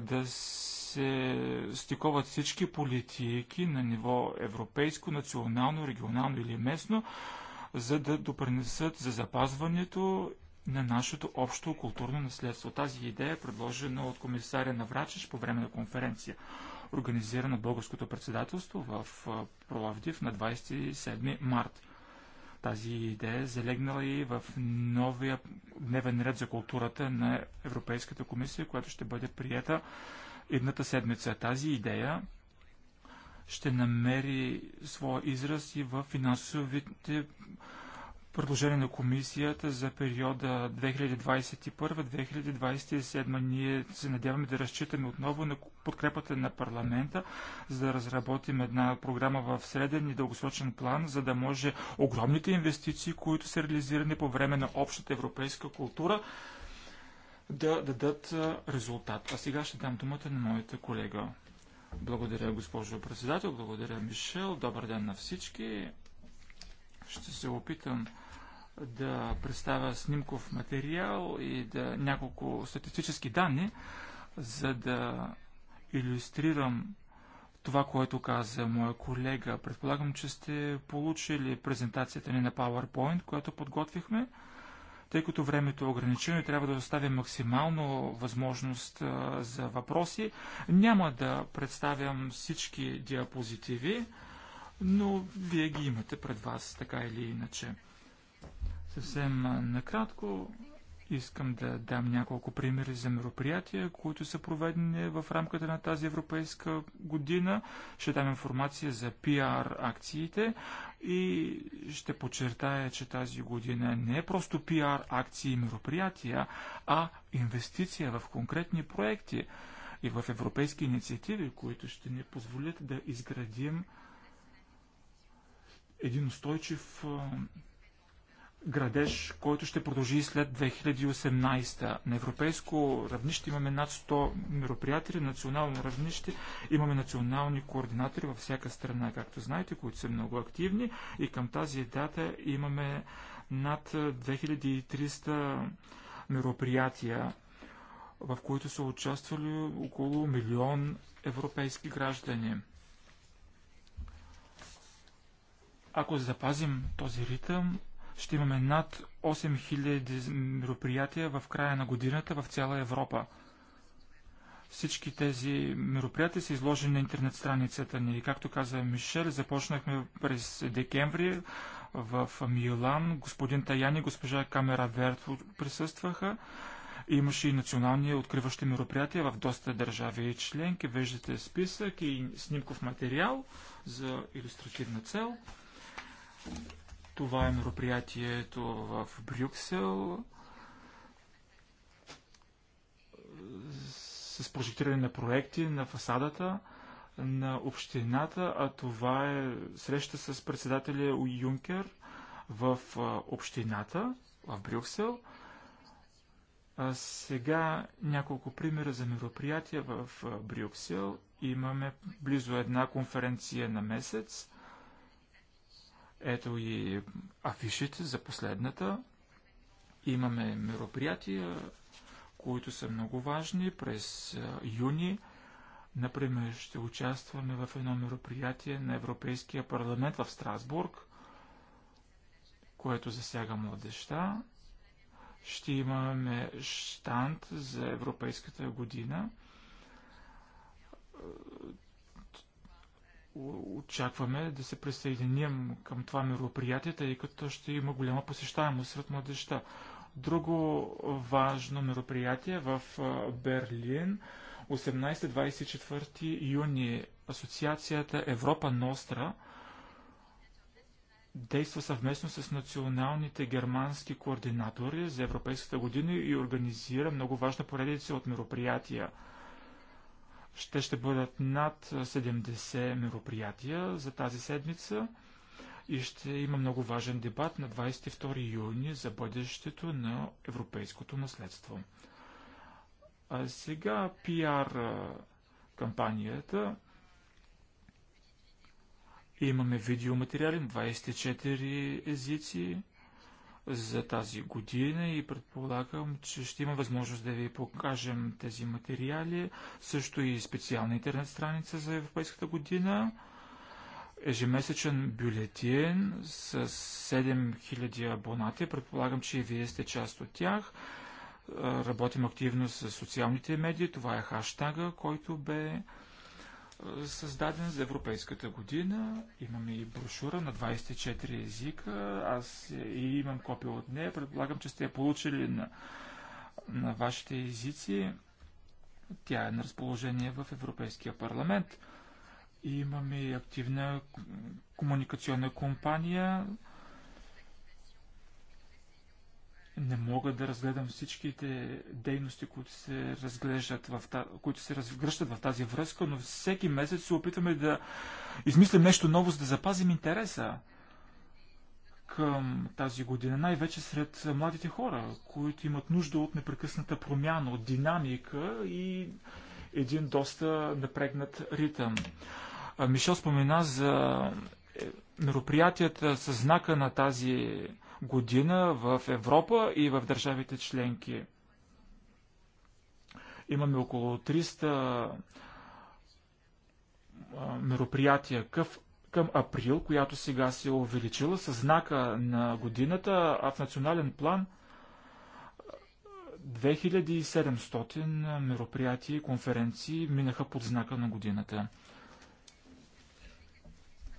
да се стиковат всички политики на ниво европейско, национално, регионално или местно, за да допринесат за запазването на нашето общо културно наследство. Тази идея е предложена от комисаря Врачеш по време на конференция. Организирано българското председателство в Пловдив на 27 март. Тази идея е залегнала и в новия дневен ред за културата на Европейската комисия, която ще бъде приета едната седмица. Тази идея ще намери своя израз и в финансовите предложение на комисията за периода 2021-2027. Ние се надяваме да разчитаме отново на подкрепата на парламента, за да разработим една програма в среден и дългосрочен план, за да може огромните инвестиции, които са реализирани по време на общата европейска култура, да дадат резултат. А сега ще дам думата на моята колега. Благодаря, госпожо председател. Благодаря, Мишел. Добър ден на всички. Ще се опитам да представя снимков материал и да, няколко статистически данни, за да иллюстрирам това, което каза моя колега. Предполагам, че сте получили презентацията ни на PowerPoint, която подготвихме. Тъй като времето е ограничено и трябва да оставим максимално възможност за въпроси, няма да представям всички диапозитиви, но вие ги имате пред вас, така или иначе. Съвсем накратко искам да дам няколко примери за мероприятия, които са проведени в рамката на тази европейска година. Ще дам информация за PR акциите и ще подчертая, че тази година не е просто PR акции и мероприятия, а инвестиция в конкретни проекти и в европейски инициативи, които ще ни позволят да изградим един устойчив градеж, който ще продължи след 2018. На европейско равнище имаме над 100 мероприятия, национално равнище имаме национални координатори във всяка страна, както знаете, които са много активни и към тази дата имаме над 2300 мероприятия, в които са участвали около милион европейски граждани. Ако запазим този ритъм, ще имаме над 8000 мероприятия в края на годината в цяла Европа. Всички тези мероприятия са изложени на интернет страницата ни. Както каза Мишел, започнахме през декември в Милан. Господин Таяни и госпожа Камера Верт присъстваха. Имаше и национални откриващи мероприятия в доста държави и членки. Виждате списък и снимков материал за иллюстративна цел. Това е мероприятието в Брюксел с прожектиране на проекти на фасадата на общината, а това е среща с председателя Юнкер в общината в Брюксел. А сега няколко примера за мероприятия в Брюксел. Имаме близо една конференция на месец. Ето и афишите за последната. Имаме мероприятия, които са много важни през юни. Например, ще участваме в едно мероприятие на Европейския парламент в Страсбург, което засяга младеща. Ще имаме штант за Европейската година очакваме да се присъединим към това мероприятие, тъй като ще има голяма посещаемост сред младеща. Друго важно мероприятие в Берлин 18-24 юни Асоциацията Европа Ностра действа съвместно с националните германски координатори за Европейската година и организира много важна поредица от мероприятия – ще ще бъдат над 70 мероприятия за тази седмица и ще има много важен дебат на 22 юни за бъдещето на европейското наследство. А сега пиар кампанията. Имаме видеоматериали на 24 езици за тази година и предполагам, че ще има възможност да ви покажем тези материали, също и специална интернет страница за Европейската година, ежемесечен бюлетин с 7000 абонати, предполагам, че и вие сте част от тях. Работим активно с социалните медии, това е хаштага, който бе създаден за Европейската година. Имаме и брошура на 24 езика. Аз и имам копия от нея. Предполагам, че сте я получили на, на вашите езици. Тя е на разположение в Европейския парламент. И имаме и активна комуникационна компания Не мога да разгледам всичките дейности, които се, разглеждат в та... които се разгръщат в тази връзка, но всеки месец се опитваме да измислим нещо ново, за да запазим интереса към тази година, най-вече сред младите хора, които имат нужда от непрекъсната промяна, от динамика и един доста напрегнат ритъм. Мишел спомена за е, мероприятията със знака на тази година в Европа и в държавите членки. Имаме около 300 мероприятия къв към април, която сега се е увеличила с знака на годината, а в национален план 2700 мероприятия и конференции минаха под знака на годината.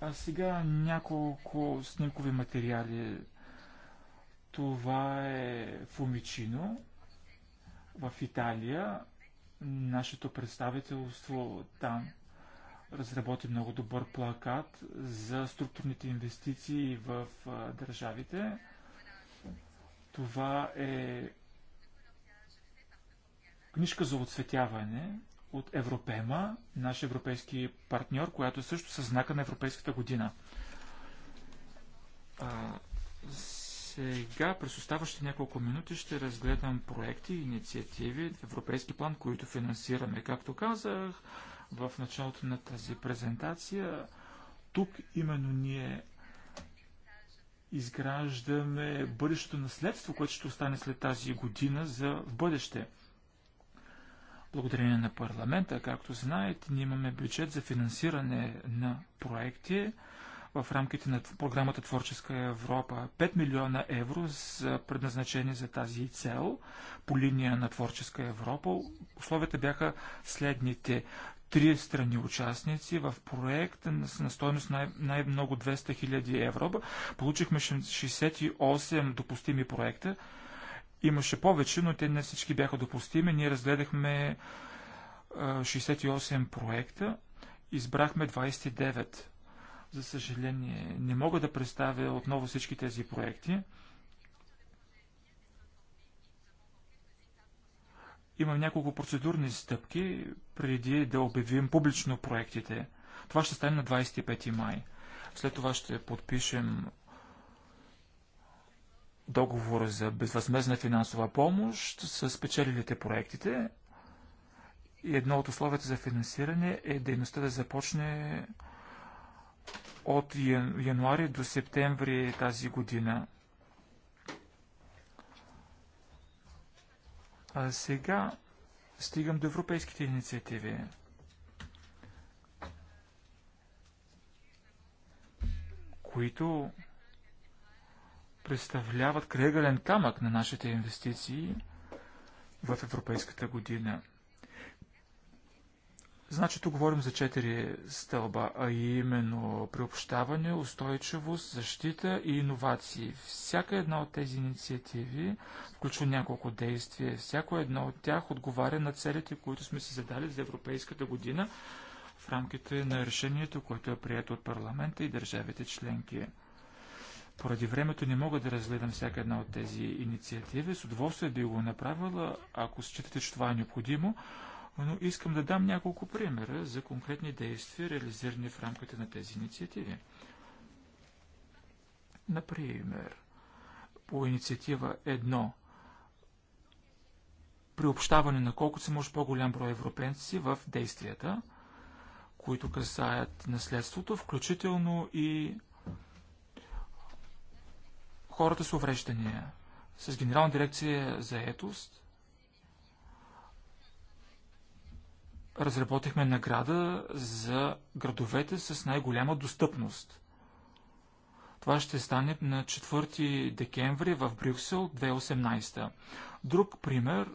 А сега няколко снимкови материали това е Фумичино в Италия. Нашето представителство там разработи много добър плакат за структурните инвестиции в а, държавите. Това е книжка за отсветяване от Европема, наш европейски партньор, която е също със знака на Европейската година. А, сега, през оставащите няколко минути, ще разгледам проекти инициативи европейски план, които финансираме. Както казах в началото на тази презентация, тук именно ние изграждаме бъдещето наследство, което ще остане след тази година за в бъдеще. Благодарение на парламента, както знаете, ние имаме бюджет за финансиране на проекти в рамките на програмата Творческа Европа. 5 милиона евро за предназначение за тази цел по линия на Творческа Европа. Условията бяха следните. Три страни участници в проект на стоеност най- най-много 200 000 евро. Получихме 68 допустими проекта. Имаше повече, но те не всички бяха допустими. Ние разгледахме 68 проекта. Избрахме 29 за съжаление, не мога да представя отново всички тези проекти. Имам няколко процедурни стъпки преди да обявим публично проектите. Това ще стане на 25 май. След това ще подпишем договор за безвъзмезна финансова помощ с печелилите проектите. И едно от условията за финансиране е дейността да започне от януари до септември тази година. А сега стигам до европейските инициативи. които представляват крегален камък на нашите инвестиции в Европейската година – Значи тук говорим за четири стълба, а именно приобщаване, устойчивост, защита и иновации. Всяка една от тези инициативи включва няколко действия. Всяко едно от тях отговаря на целите, които сме си задали за Европейската година в рамките на решението, което е прието от парламента и държавите членки. Поради времето не мога да разгледам всяка една от тези инициативи. С удоволствие би го направила, ако считате, че това е необходимо, но искам да дам няколко примера за конкретни действия, реализирани в рамките на тези инициативи. Например, по инициатива 1 приобщаване на колкото се може по-голям брой европейци в действията, които касаят наследството, включително и хората с увреждания. С Генерална дирекция за етост разработихме награда за градовете с най-голяма достъпност. Това ще стане на 4 декември в Брюксел 2018. Друг пример,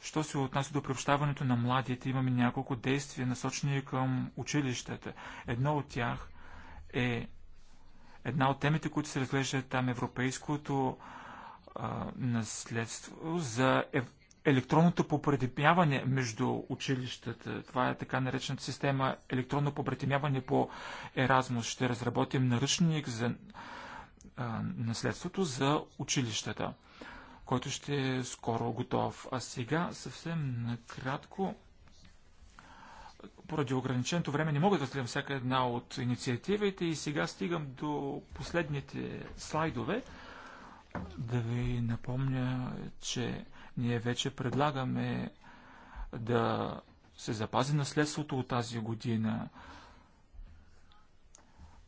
що се отнася до приобщаването на младите, имаме няколко действия насочени към училищата. Едно от тях е една от темите, които се разглеждат там, европейското а, наследство за ев електронното попредемяване между училищата. Това е така наречената система електронно попредемяване по Еразмус. Ще разработим наръчник за а, наследството за училищата, който ще е скоро готов. А сега съвсем накратко поради ограниченото време не мога да разгледам всяка една от инициативите и сега стигам до последните слайдове. Да ви напомня, че ние вече предлагаме да се запази наследството от тази година.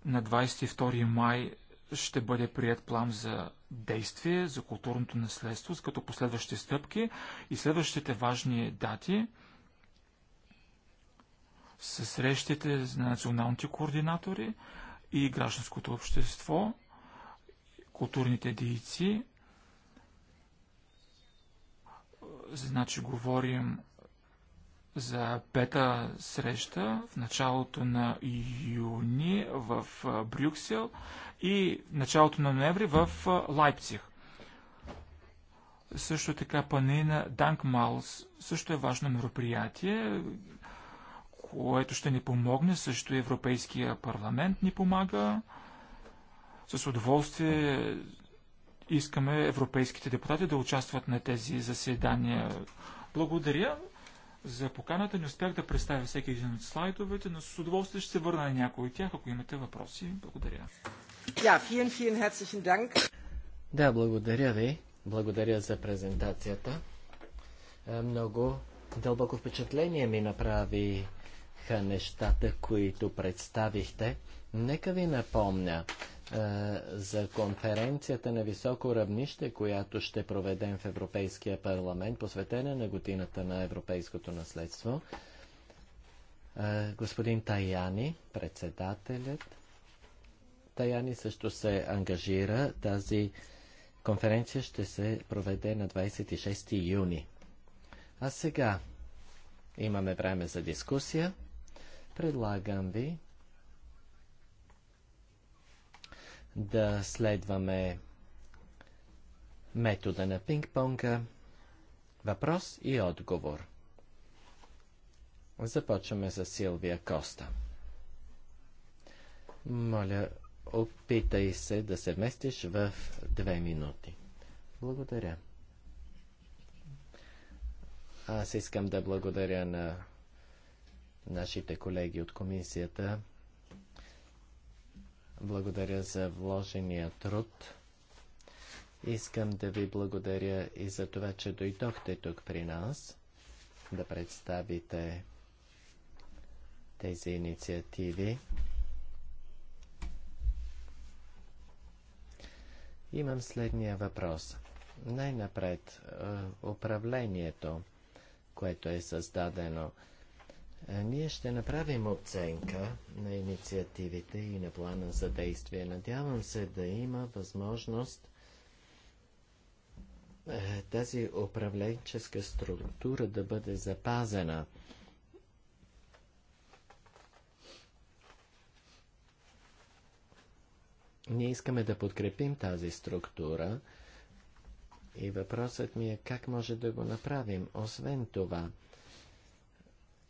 На 22 май ще бъде прият план за действие за културното наследство, като последващи стъпки и следващите важни дати са срещите на националните координатори и гражданското общество, културните дейци, Значи говорим за пета среща в началото на юни в Брюксел и началото на ноември в Лайпциг. Също така панина Данкмалс също е важно мероприятие, което ще ни помогне. Също Европейския парламент ни помага. С удоволствие искаме европейските депутати да участват на тези заседания. Благодаря за поканата. Не успях да представя всеки един от слайдовете, но с удоволствие ще се върна на някои от тях, ако имате въпроси. Благодаря. Ja, vielen, vielen herzlichen Dank. Да, благодаря ви. Благодаря за презентацията. Е, много дълбоко впечатление ми направиха нещата, които представихте. Нека ви напомня, е, за конференцията на високо равнище, която ще проведем в Европейския парламент, посветена на годината на европейското наследство. Е, господин Таяни, председателят, Таяни също се ангажира. Тази конференция ще се проведе на 26 юни. А сега имаме време за дискусия. Предлагам ви да следваме метода на пинг-понга. Въпрос и отговор. Започваме с Силвия Коста. Моля, опитай се да се вместиш в две минути. Благодаря. Аз искам да благодаря на нашите колеги от комисията благодаря за вложения труд. Искам да ви благодаря и за това, че дойдохте тук при нас да представите тези инициативи. Имам следния въпрос. Най-напред, е, управлението, което е създадено – ние ще направим оценка на инициативите и на плана за действие. Надявам се да има възможност тази управленческа структура да бъде запазена. Ние искаме да подкрепим тази структура и въпросът ми е как може да го направим. Освен това,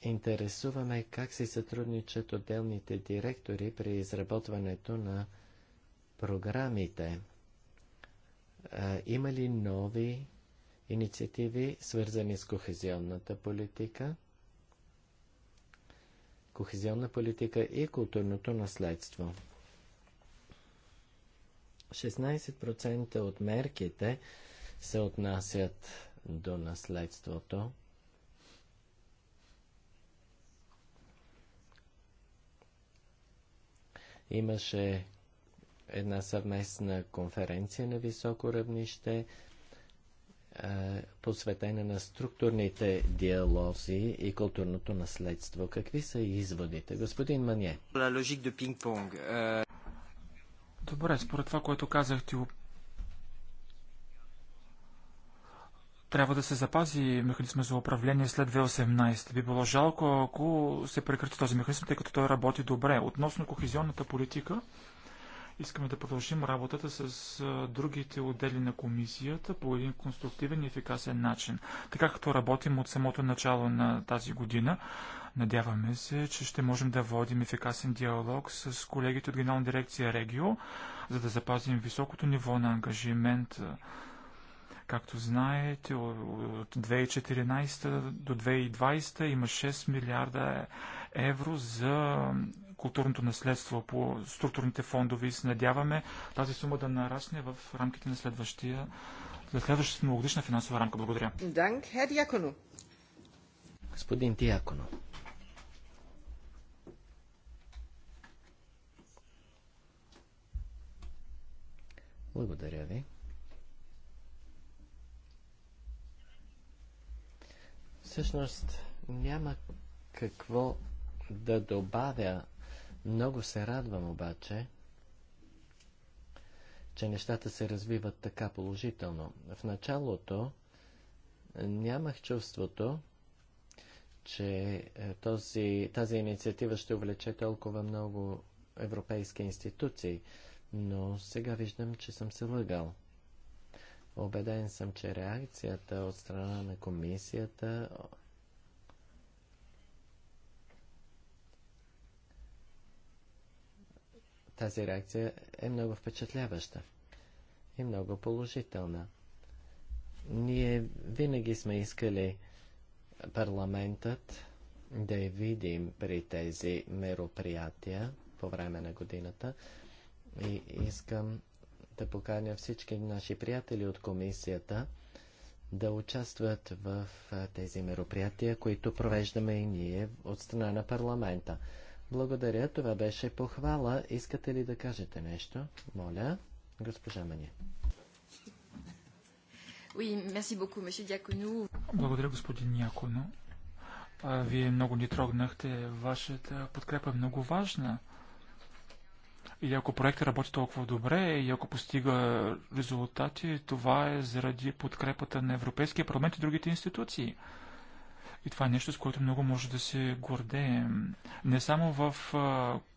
интересуваме как си сътрудничат отделните директори при изработването на програмите. А, има ли нови инициативи, свързани с кохезионната политика? Кохезионна политика и културното наследство. 16% от мерките се отнасят до наследството. Имаше една съвместна конференция на високо равнище, е, посветена на структурните диалози и културното наследство. Какви са изводите, господин Мане? Е, Добре, според това, което казахте, трябва да се запази механизма за управление след 2018. Би било жалко, ако се прекрати този механизъм, тъй като той работи добре. Относно кохезионната политика, искаме да продължим работата с другите отдели на комисията по един конструктивен и ефикасен начин. Така като работим от самото начало на тази година, надяваме се, че ще можем да водим ефикасен диалог с колегите от Генерална дирекция Регио, за да запазим високото ниво на ангажимент Както знаете, от 2014 до 2020 има 6 милиарда евро за културното наследство по структурните фондове и се надяваме тази сума да нарасне в рамките на следващия за следващата многогодишна финансова рамка. Благодаря. Данк, хед Якону. Господин Дяконо. Благодаря ви. Всъщност няма какво да добавя. Много се радвам обаче, че нещата се развиват така положително. В началото нямах чувството, че е, този, тази инициатива ще увлече толкова много европейски институции, но сега виждам, че съм се лъгал. Обеден съм, че реакцията от страна на комисията тази реакция е много впечатляваща и много положителна. Ние винаги сме искали парламентът да я видим при тези мероприятия по време на годината и искам да поканя всички наши приятели от комисията да участват в тези мероприятия, които провеждаме и ние от страна на парламента. Благодаря, това беше похвала. Искате ли да кажете нещо? Моля, госпожа Мане. Благодаря, господин Яконо. Вие много ни трогнахте. Вашата подкрепа е много важна. Или ако проектът работи толкова добре и ако постига резултати, това е заради подкрепата на Европейския парламент и другите институции. И това е нещо, с което много може да се гордеем. Не само в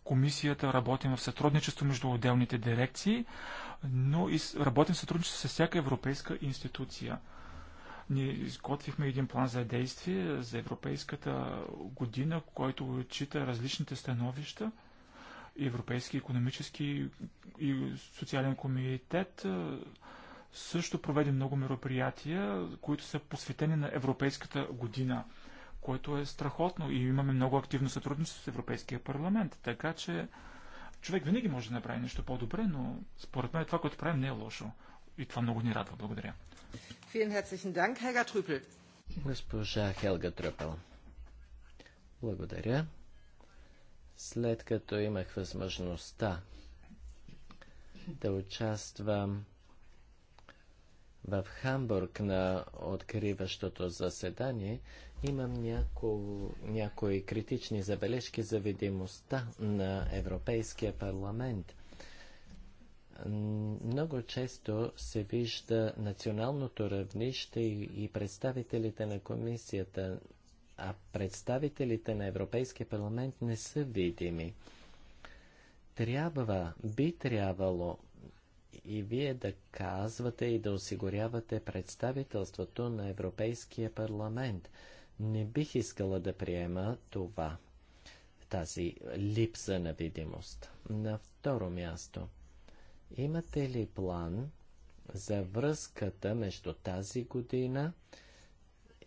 комисията работим в сътрудничество между отделните дирекции, но и работим в сътрудничество с всяка европейска институция. Ние изготвихме един план за действие за Европейската година, който отчита различните становища – Европейски економически и социален комитет също проведе много мероприятия, които са посветени на Европейската година, което е страхотно и имаме много активно сътрудничество с Европейския парламент. Така че човек винаги може да направи нещо по-добре, но според мен това, което правим, не е лошо. И това много ни радва. Благодаря. Госпожа Хелга Тръпел. Благодаря. След като имах възможността да участвам в Хамбург на откриващото заседание, имам няко... някои критични забележки за видимостта на Европейския парламент. Много често се вижда националното равнище и, и представителите на комисията а представителите на Европейския парламент не са видими. Трябва, би трябвало и вие да казвате и да осигурявате представителството на Европейския парламент. Не бих искала да приема това, тази липса на видимост. На второ място, имате ли план за връзката между тази година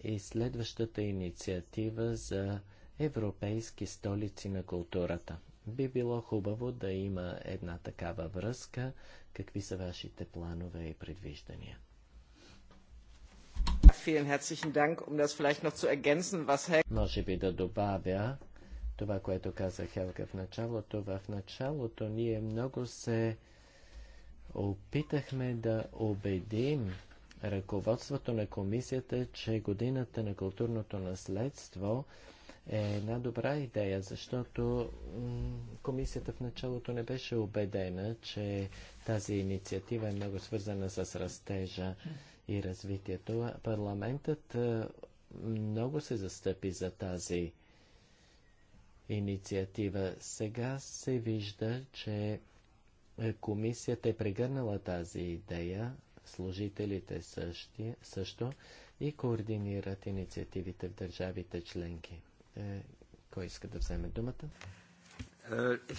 и е следващата инициатива за европейски столици на културата. Би било хубаво да има една такава връзка. Какви са вашите планове и предвиждания? Um Може би да добавя това, което каза Хелга в началото. В началото ние много се опитахме да убедим ръководството на комисията, е, че годината на културното наследство е една добра идея, защото комисията в началото не беше убедена, че тази инициатива е много свързана с растежа и развитието. Парламентът е, много се застъпи за тази инициатива. Сега се вижда, че комисията е прегърнала тази идея служителите същи, също и координират инициативите в държавите членки. Е, кой иска да вземе думата?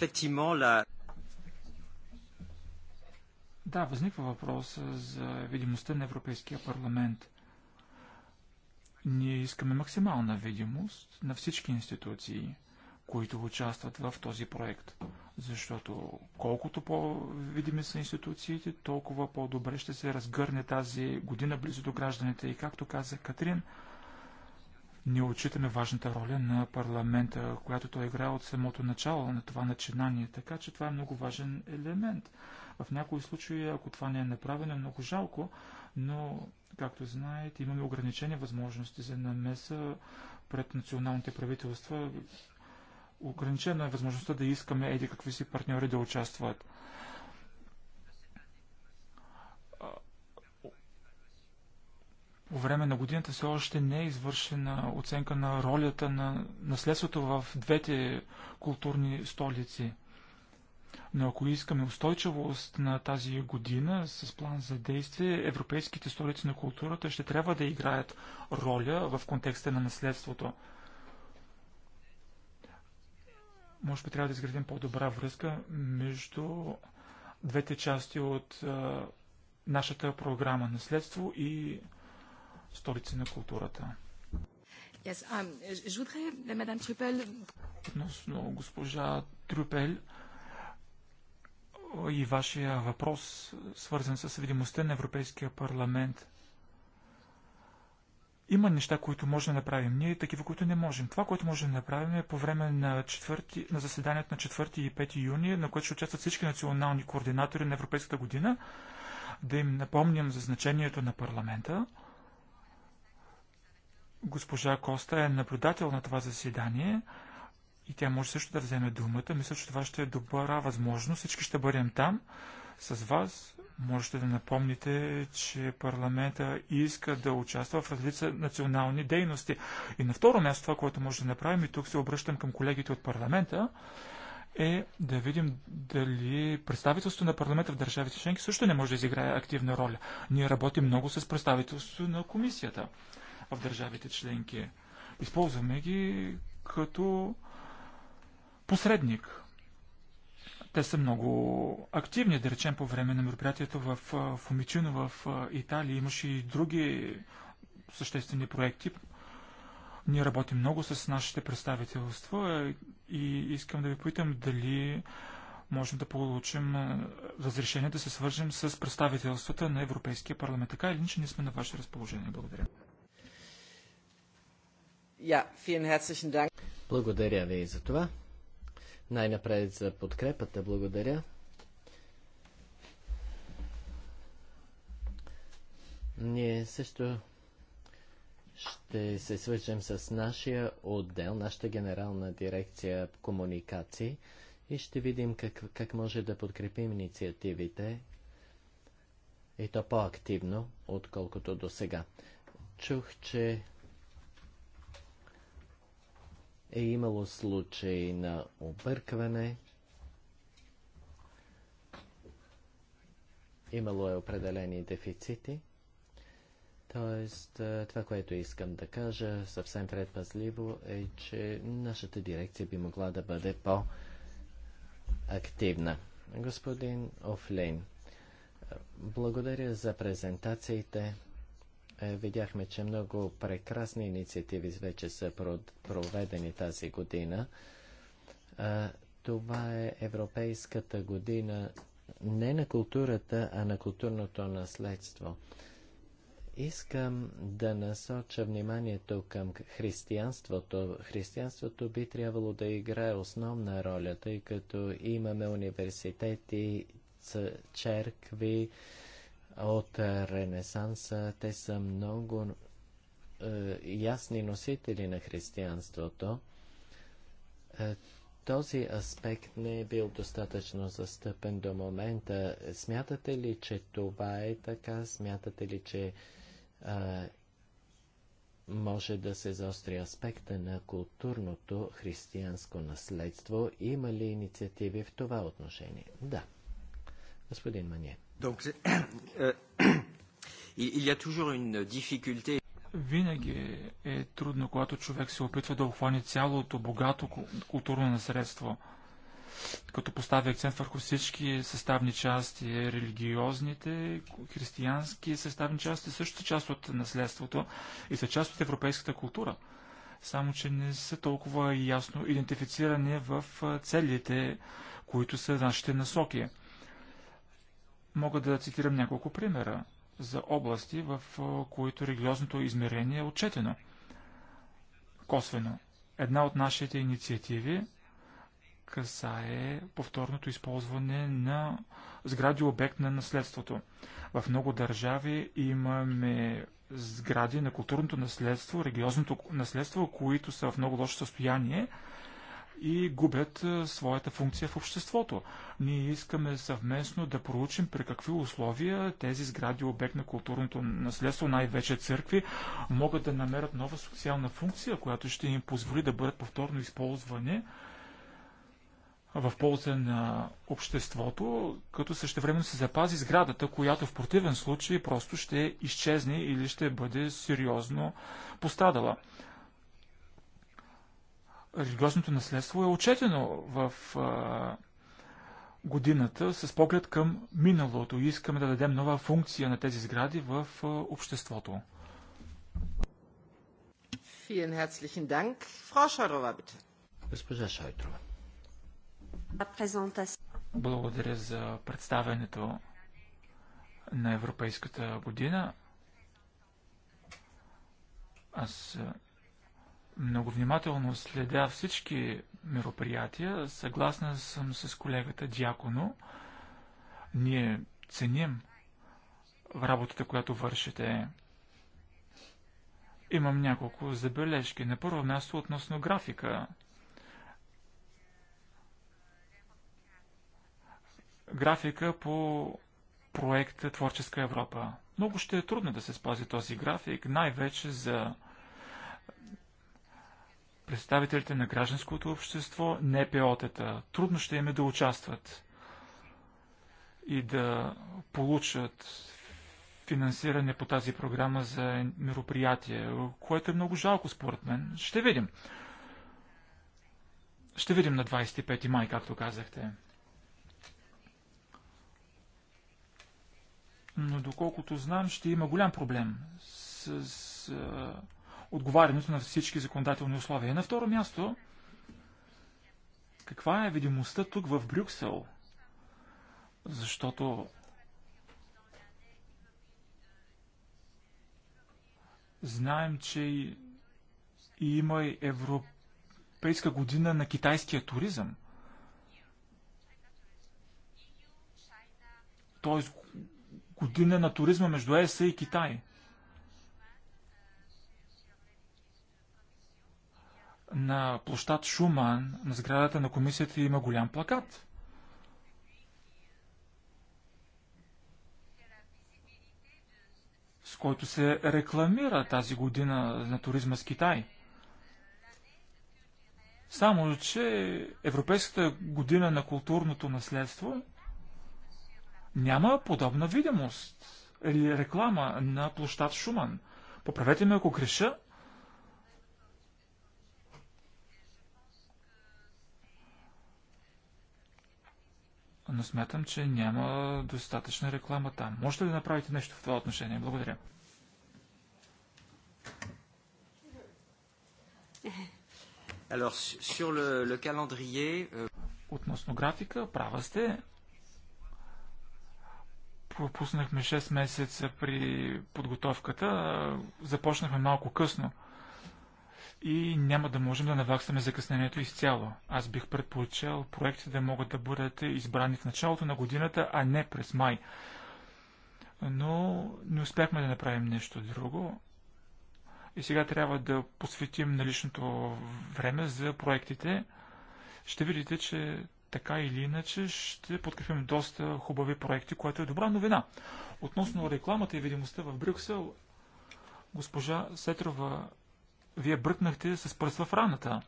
Е, да, възниква въпрос за видимостта на Европейския парламент. Ние искаме максимална видимост на всички институции, които участват в този проект защото колкото по-видими са институциите, толкова по-добре ще се разгърне тази година близо до гражданите. И както каза Катрин, ние отчитаме важната роля на парламента, която той играе от самото начало на това начинание. Така че това е много важен елемент. В някои случаи, ако това не е направено, е много жалко, но, както знаете, имаме ограничени възможности за намеса пред националните правителства ограничена е възможността да искаме еди какви си партньори да участват. По време на годината все още не е извършена оценка на ролята на наследството в двете културни столици. Но ако искаме устойчивост на тази година с план за действие, европейските столици на културата ще трябва да играят роля в контекста на наследството. Може би трябва да изградим по-добра връзка между двете части от а, нашата програма наследство и столици на културата. Yes, um, Trupel... Относно госпожа Трюпел и вашия въпрос, свързан с видимостта на Европейския парламент – има неща, които може да направим ние и такива, които не можем. Това, което може да направим е по време на, четвърти, на заседанието на 4 и 5 юни, на което ще участват всички национални координатори на Европейската година, да им напомням за значението на парламента. Госпожа Коста е наблюдател на това заседание и тя може също да вземе думата. Мисля, че това ще е добра възможност. Всички ще бъдем там с вас, Можете да напомните, че парламента иска да участва в различни национални дейности. И на второ място това, което може да направим, и тук се обръщам към колегите от парламента, е да видим дали представителството на парламента в държавите членки също не може да изиграе активна роля. Ние работим много с представителството на комисията в държавите членки. Използваме ги като посредник. Те са много активни, да речем, по време на мероприятието в Фумичино, в Италия. Имаше и други съществени проекти. Ние работим много с нашите представителства и искам да ви попитам дали можем да получим разрешение да се свържем с представителствата на Европейския парламент. Така или иначе, ние сме на ваше разположение. Благодаря. Благодаря ви за това. Най-напред за подкрепата. Благодаря. Ние също ще се свържем с нашия отдел, нашата генерална дирекция комуникации и ще видим как, как може да подкрепим инициативите и то по-активно, отколкото до сега. Чух, че е имало случаи на объркване. Имало е определени дефицити. Тоест, е, това, което искам да кажа съвсем предпазливо е, че нашата дирекция би могла да бъде по-активна. Господин Офлейн, е, благодаря за презентациите. Е, видяхме, че много прекрасни инициативи вече са проведени тази година. Това е Европейската година не на културата, а на културното наследство. Искам да насоча вниманието към християнството. Християнството би трябвало да играе основна роля, тъй като имаме университети, черкви, от Ренесанса. Те са много е, ясни носители на християнството. Е, този аспект не е бил достатъчно застъпен до момента. Смятате ли, че това е така? Смятате ли, че е, може да се заостри аспекта на културното християнско наследство? Има ли инициативи в това отношение? Да. Господин Мане. Винаги е трудно, когато човек се опитва да охване цялото богато културно наследство, като постави акцент върху всички съставни части, религиозните, християнски съставни части, също са част от наследството и са част от европейската култура. Само, че не са толкова ясно идентифицирани в целите, които са нашите насоки – Мога да цитирам няколко примера за области, в които религиозното измерение е отчетено. Косвено. Една от нашите инициативи касае повторното използване на сгради обект на наследството. В много държави имаме сгради на културното наследство, религиозното наследство, които са в много лошо състояние, и губят своята функция в обществото. Ние искаме съвместно да проучим при какви условия тези сгради, обект на културното наследство, най-вече църкви, могат да намерят нова социална функция, която ще им позволи да бъдат повторно използвани в полза на обществото, като същевременно се запази сградата, която в противен случай просто ще изчезне или ще бъде сериозно пострадала религиозното наследство е отчетено в а, годината с поглед към миналото и искаме да дадем нова функция на тези сгради в а, обществото. Госпожа Шойтрова. Благодаря за представянето на Европейската година. Аз много внимателно следя всички мероприятия. Съгласна съм с колегата Дяконо. Ние ценим в работата, която вършите. Имам няколко забележки. На първо място относно графика. Графика по проекта Творческа Европа. Много ще е трудно да се спази този график, най-вече за представителите на гражданското общество, НПО-тата. Трудно ще им е да участват и да получат финансиране по тази програма за мероприятие, което е много жалко според мен. Ще видим. Ще видим на 25 май, както казахте. Но доколкото знам, ще има голям проблем с отговарянето на всички законодателни условия. И на второ място, каква е видимостта тук в Брюксел? Защото знаем, че и има и Европейска година на китайския туризъм. Тоест година на туризма между ЕС и Китай. на площад Шуман, на сградата на комисията има голям плакат. с който се рекламира тази година на туризма с Китай. Само, че Европейската година на културното наследство няма подобна видимост или реклама на площад Шуман. Поправете ме, ако греша, но смятам, че няма достатъчна реклама там. Можете ли да направите нещо в това отношение? Благодаря. Euh, Относно графика, права сте. Пропуснахме 6 месеца при подготовката. Започнахме малко късно и няма да можем да наваксаме закъснението изцяло. Аз бих предпочел проектите да могат да бъдат избрани в началото на годината, а не през май. Но не успяхме да направим нещо друго. И сега трябва да посветим наличното време за проектите. Ще видите, че така или иначе ще подкрепим доста хубави проекти, което е добра новина. Относно рекламата и видимостта в Брюксел, госпожа Сетрова вие бръкнахте с пръст в раната.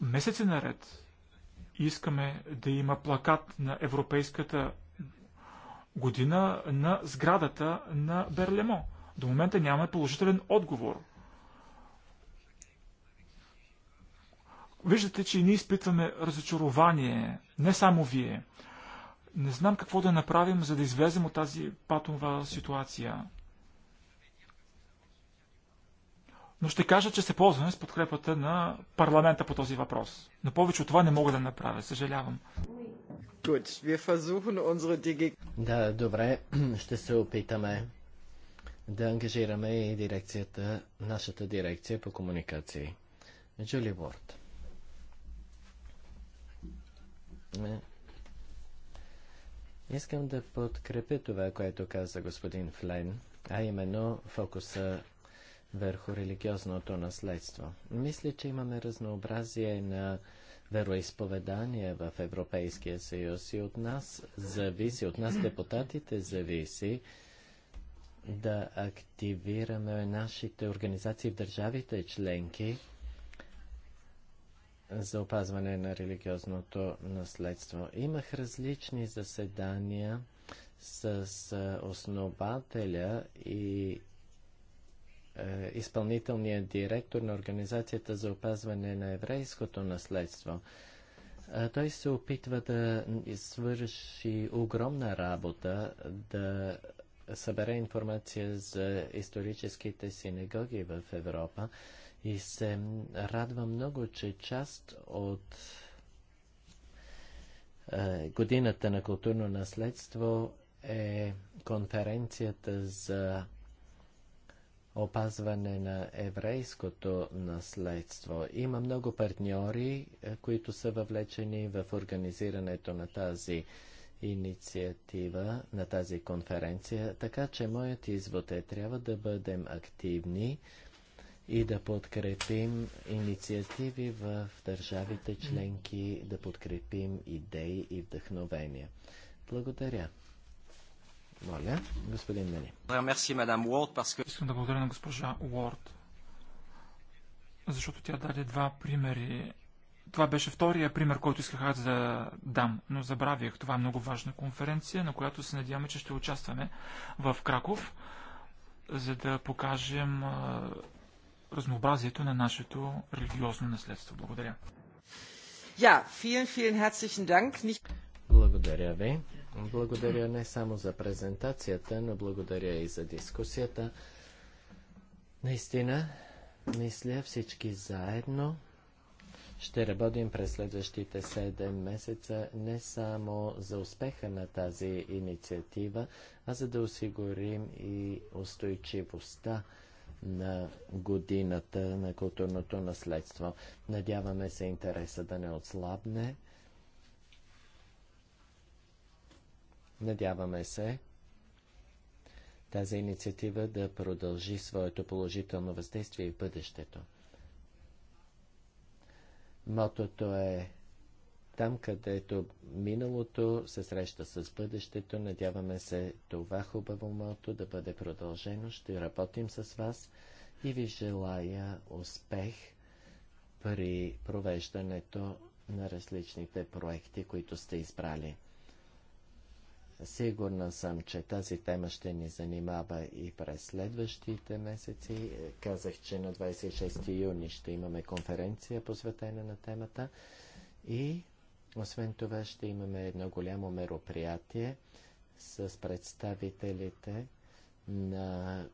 Месеци наред искаме да има плакат на Европейската година на сградата на Берлемо. До момента нямаме положителен отговор. Виждате, че и ние изпитваме разочарование, не само вие. Не знам какво да направим, за да излезем от тази патова ситуация. но ще кажа, че се ползваме с подкрепата на парламента по този въпрос. Но повече от това не мога да направя, съжалявам. Да, добре, ще се опитаме да ангажираме и дирекцията, нашата дирекция по комуникации. Джули Борт. Искам да подкрепя това, което каза господин Флен, а именно фокуса върху религиозното наследство. Мисля, че имаме разнообразие на вероисповедание в Европейския съюз и от нас зависи, от нас депутатите зависи да активираме нашите организации в държавите членки за опазване на религиозното наследство. Имах различни заседания с основателя и е, изпълнителният директор на Организацията за опазване на еврейското наследство. Е, той се опитва да свърши огромна работа, да събере информация за историческите синагоги в Европа и се радва много, че част от е, годината на културно наследство е конференцията за опазване на еврейското наследство. Има много партньори, е, които са въвлечени в организирането на тази инициатива, на тази конференция, така че моят извод е трябва да бъдем активни и да подкрепим инициативи в държавите членки, да подкрепим идеи и вдъхновения. Благодаря. Моля, господин Мени. Искам да благодаря на госпожа Уорд, защото тя даде два примери. Това беше втория пример, който исках аз да дам, но забравих. Това е много важна конференция, на която се надяваме, че ще участваме в Краков, за да покажем разнообразието на нашето религиозно наследство. Благодаря. vielen, vielen Благодаря ви. Благодаря не само за презентацията, но благодаря и за дискусията. Наистина, мисля всички заедно ще работим през следващите 7 месеца не само за успеха на тази инициатива, а за да осигурим и устойчивостта на годината на културното наследство. Надяваме се интереса да не отслабне Надяваме се тази инициатива да продължи своето положително въздействие в бъдещето. Мотото е там, където миналото се среща с бъдещето. Надяваме се това хубаво мото да бъде продължено. Ще работим с вас и ви желая успех при провеждането на различните проекти, които сте избрали. Сигурна съм, че тази тема ще ни занимава и през следващите месеци. Казах, че на 26 юни ще имаме конференция посветена на темата и освен това ще имаме едно голямо мероприятие с представителите на,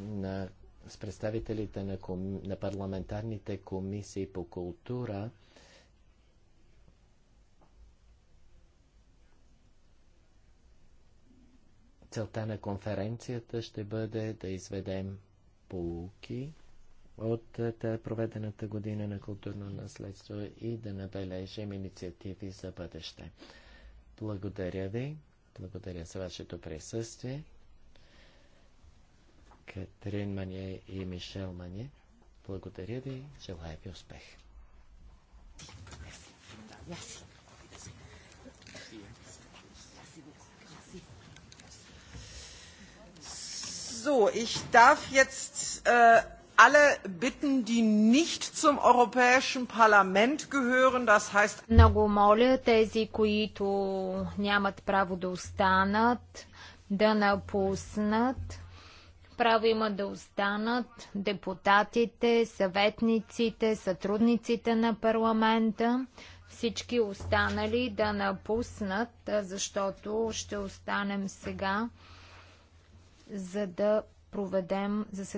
на с представителите на, ком, на парламентарните комисии по култура Целта на конференцията ще бъде да изведем полуки от е, проведената година на културно наследство и да набележим инициативи за бъдеще. Благодаря ви. Благодаря за вашето присъствие. Катрин Мане и Мишел Мане, благодаря ви. Желая ви успех. Yes. So, ich darf jetzt äh, alle bitten, die nicht zum Europäischen Parlament gehören, das heißt... Много моля тези, които нямат право да останат, да напуснат. Право има да останат депутатите, съветниците, сътрудниците на парламента, всички останали да напуснат, защото ще останем сега за да проведем заседанието.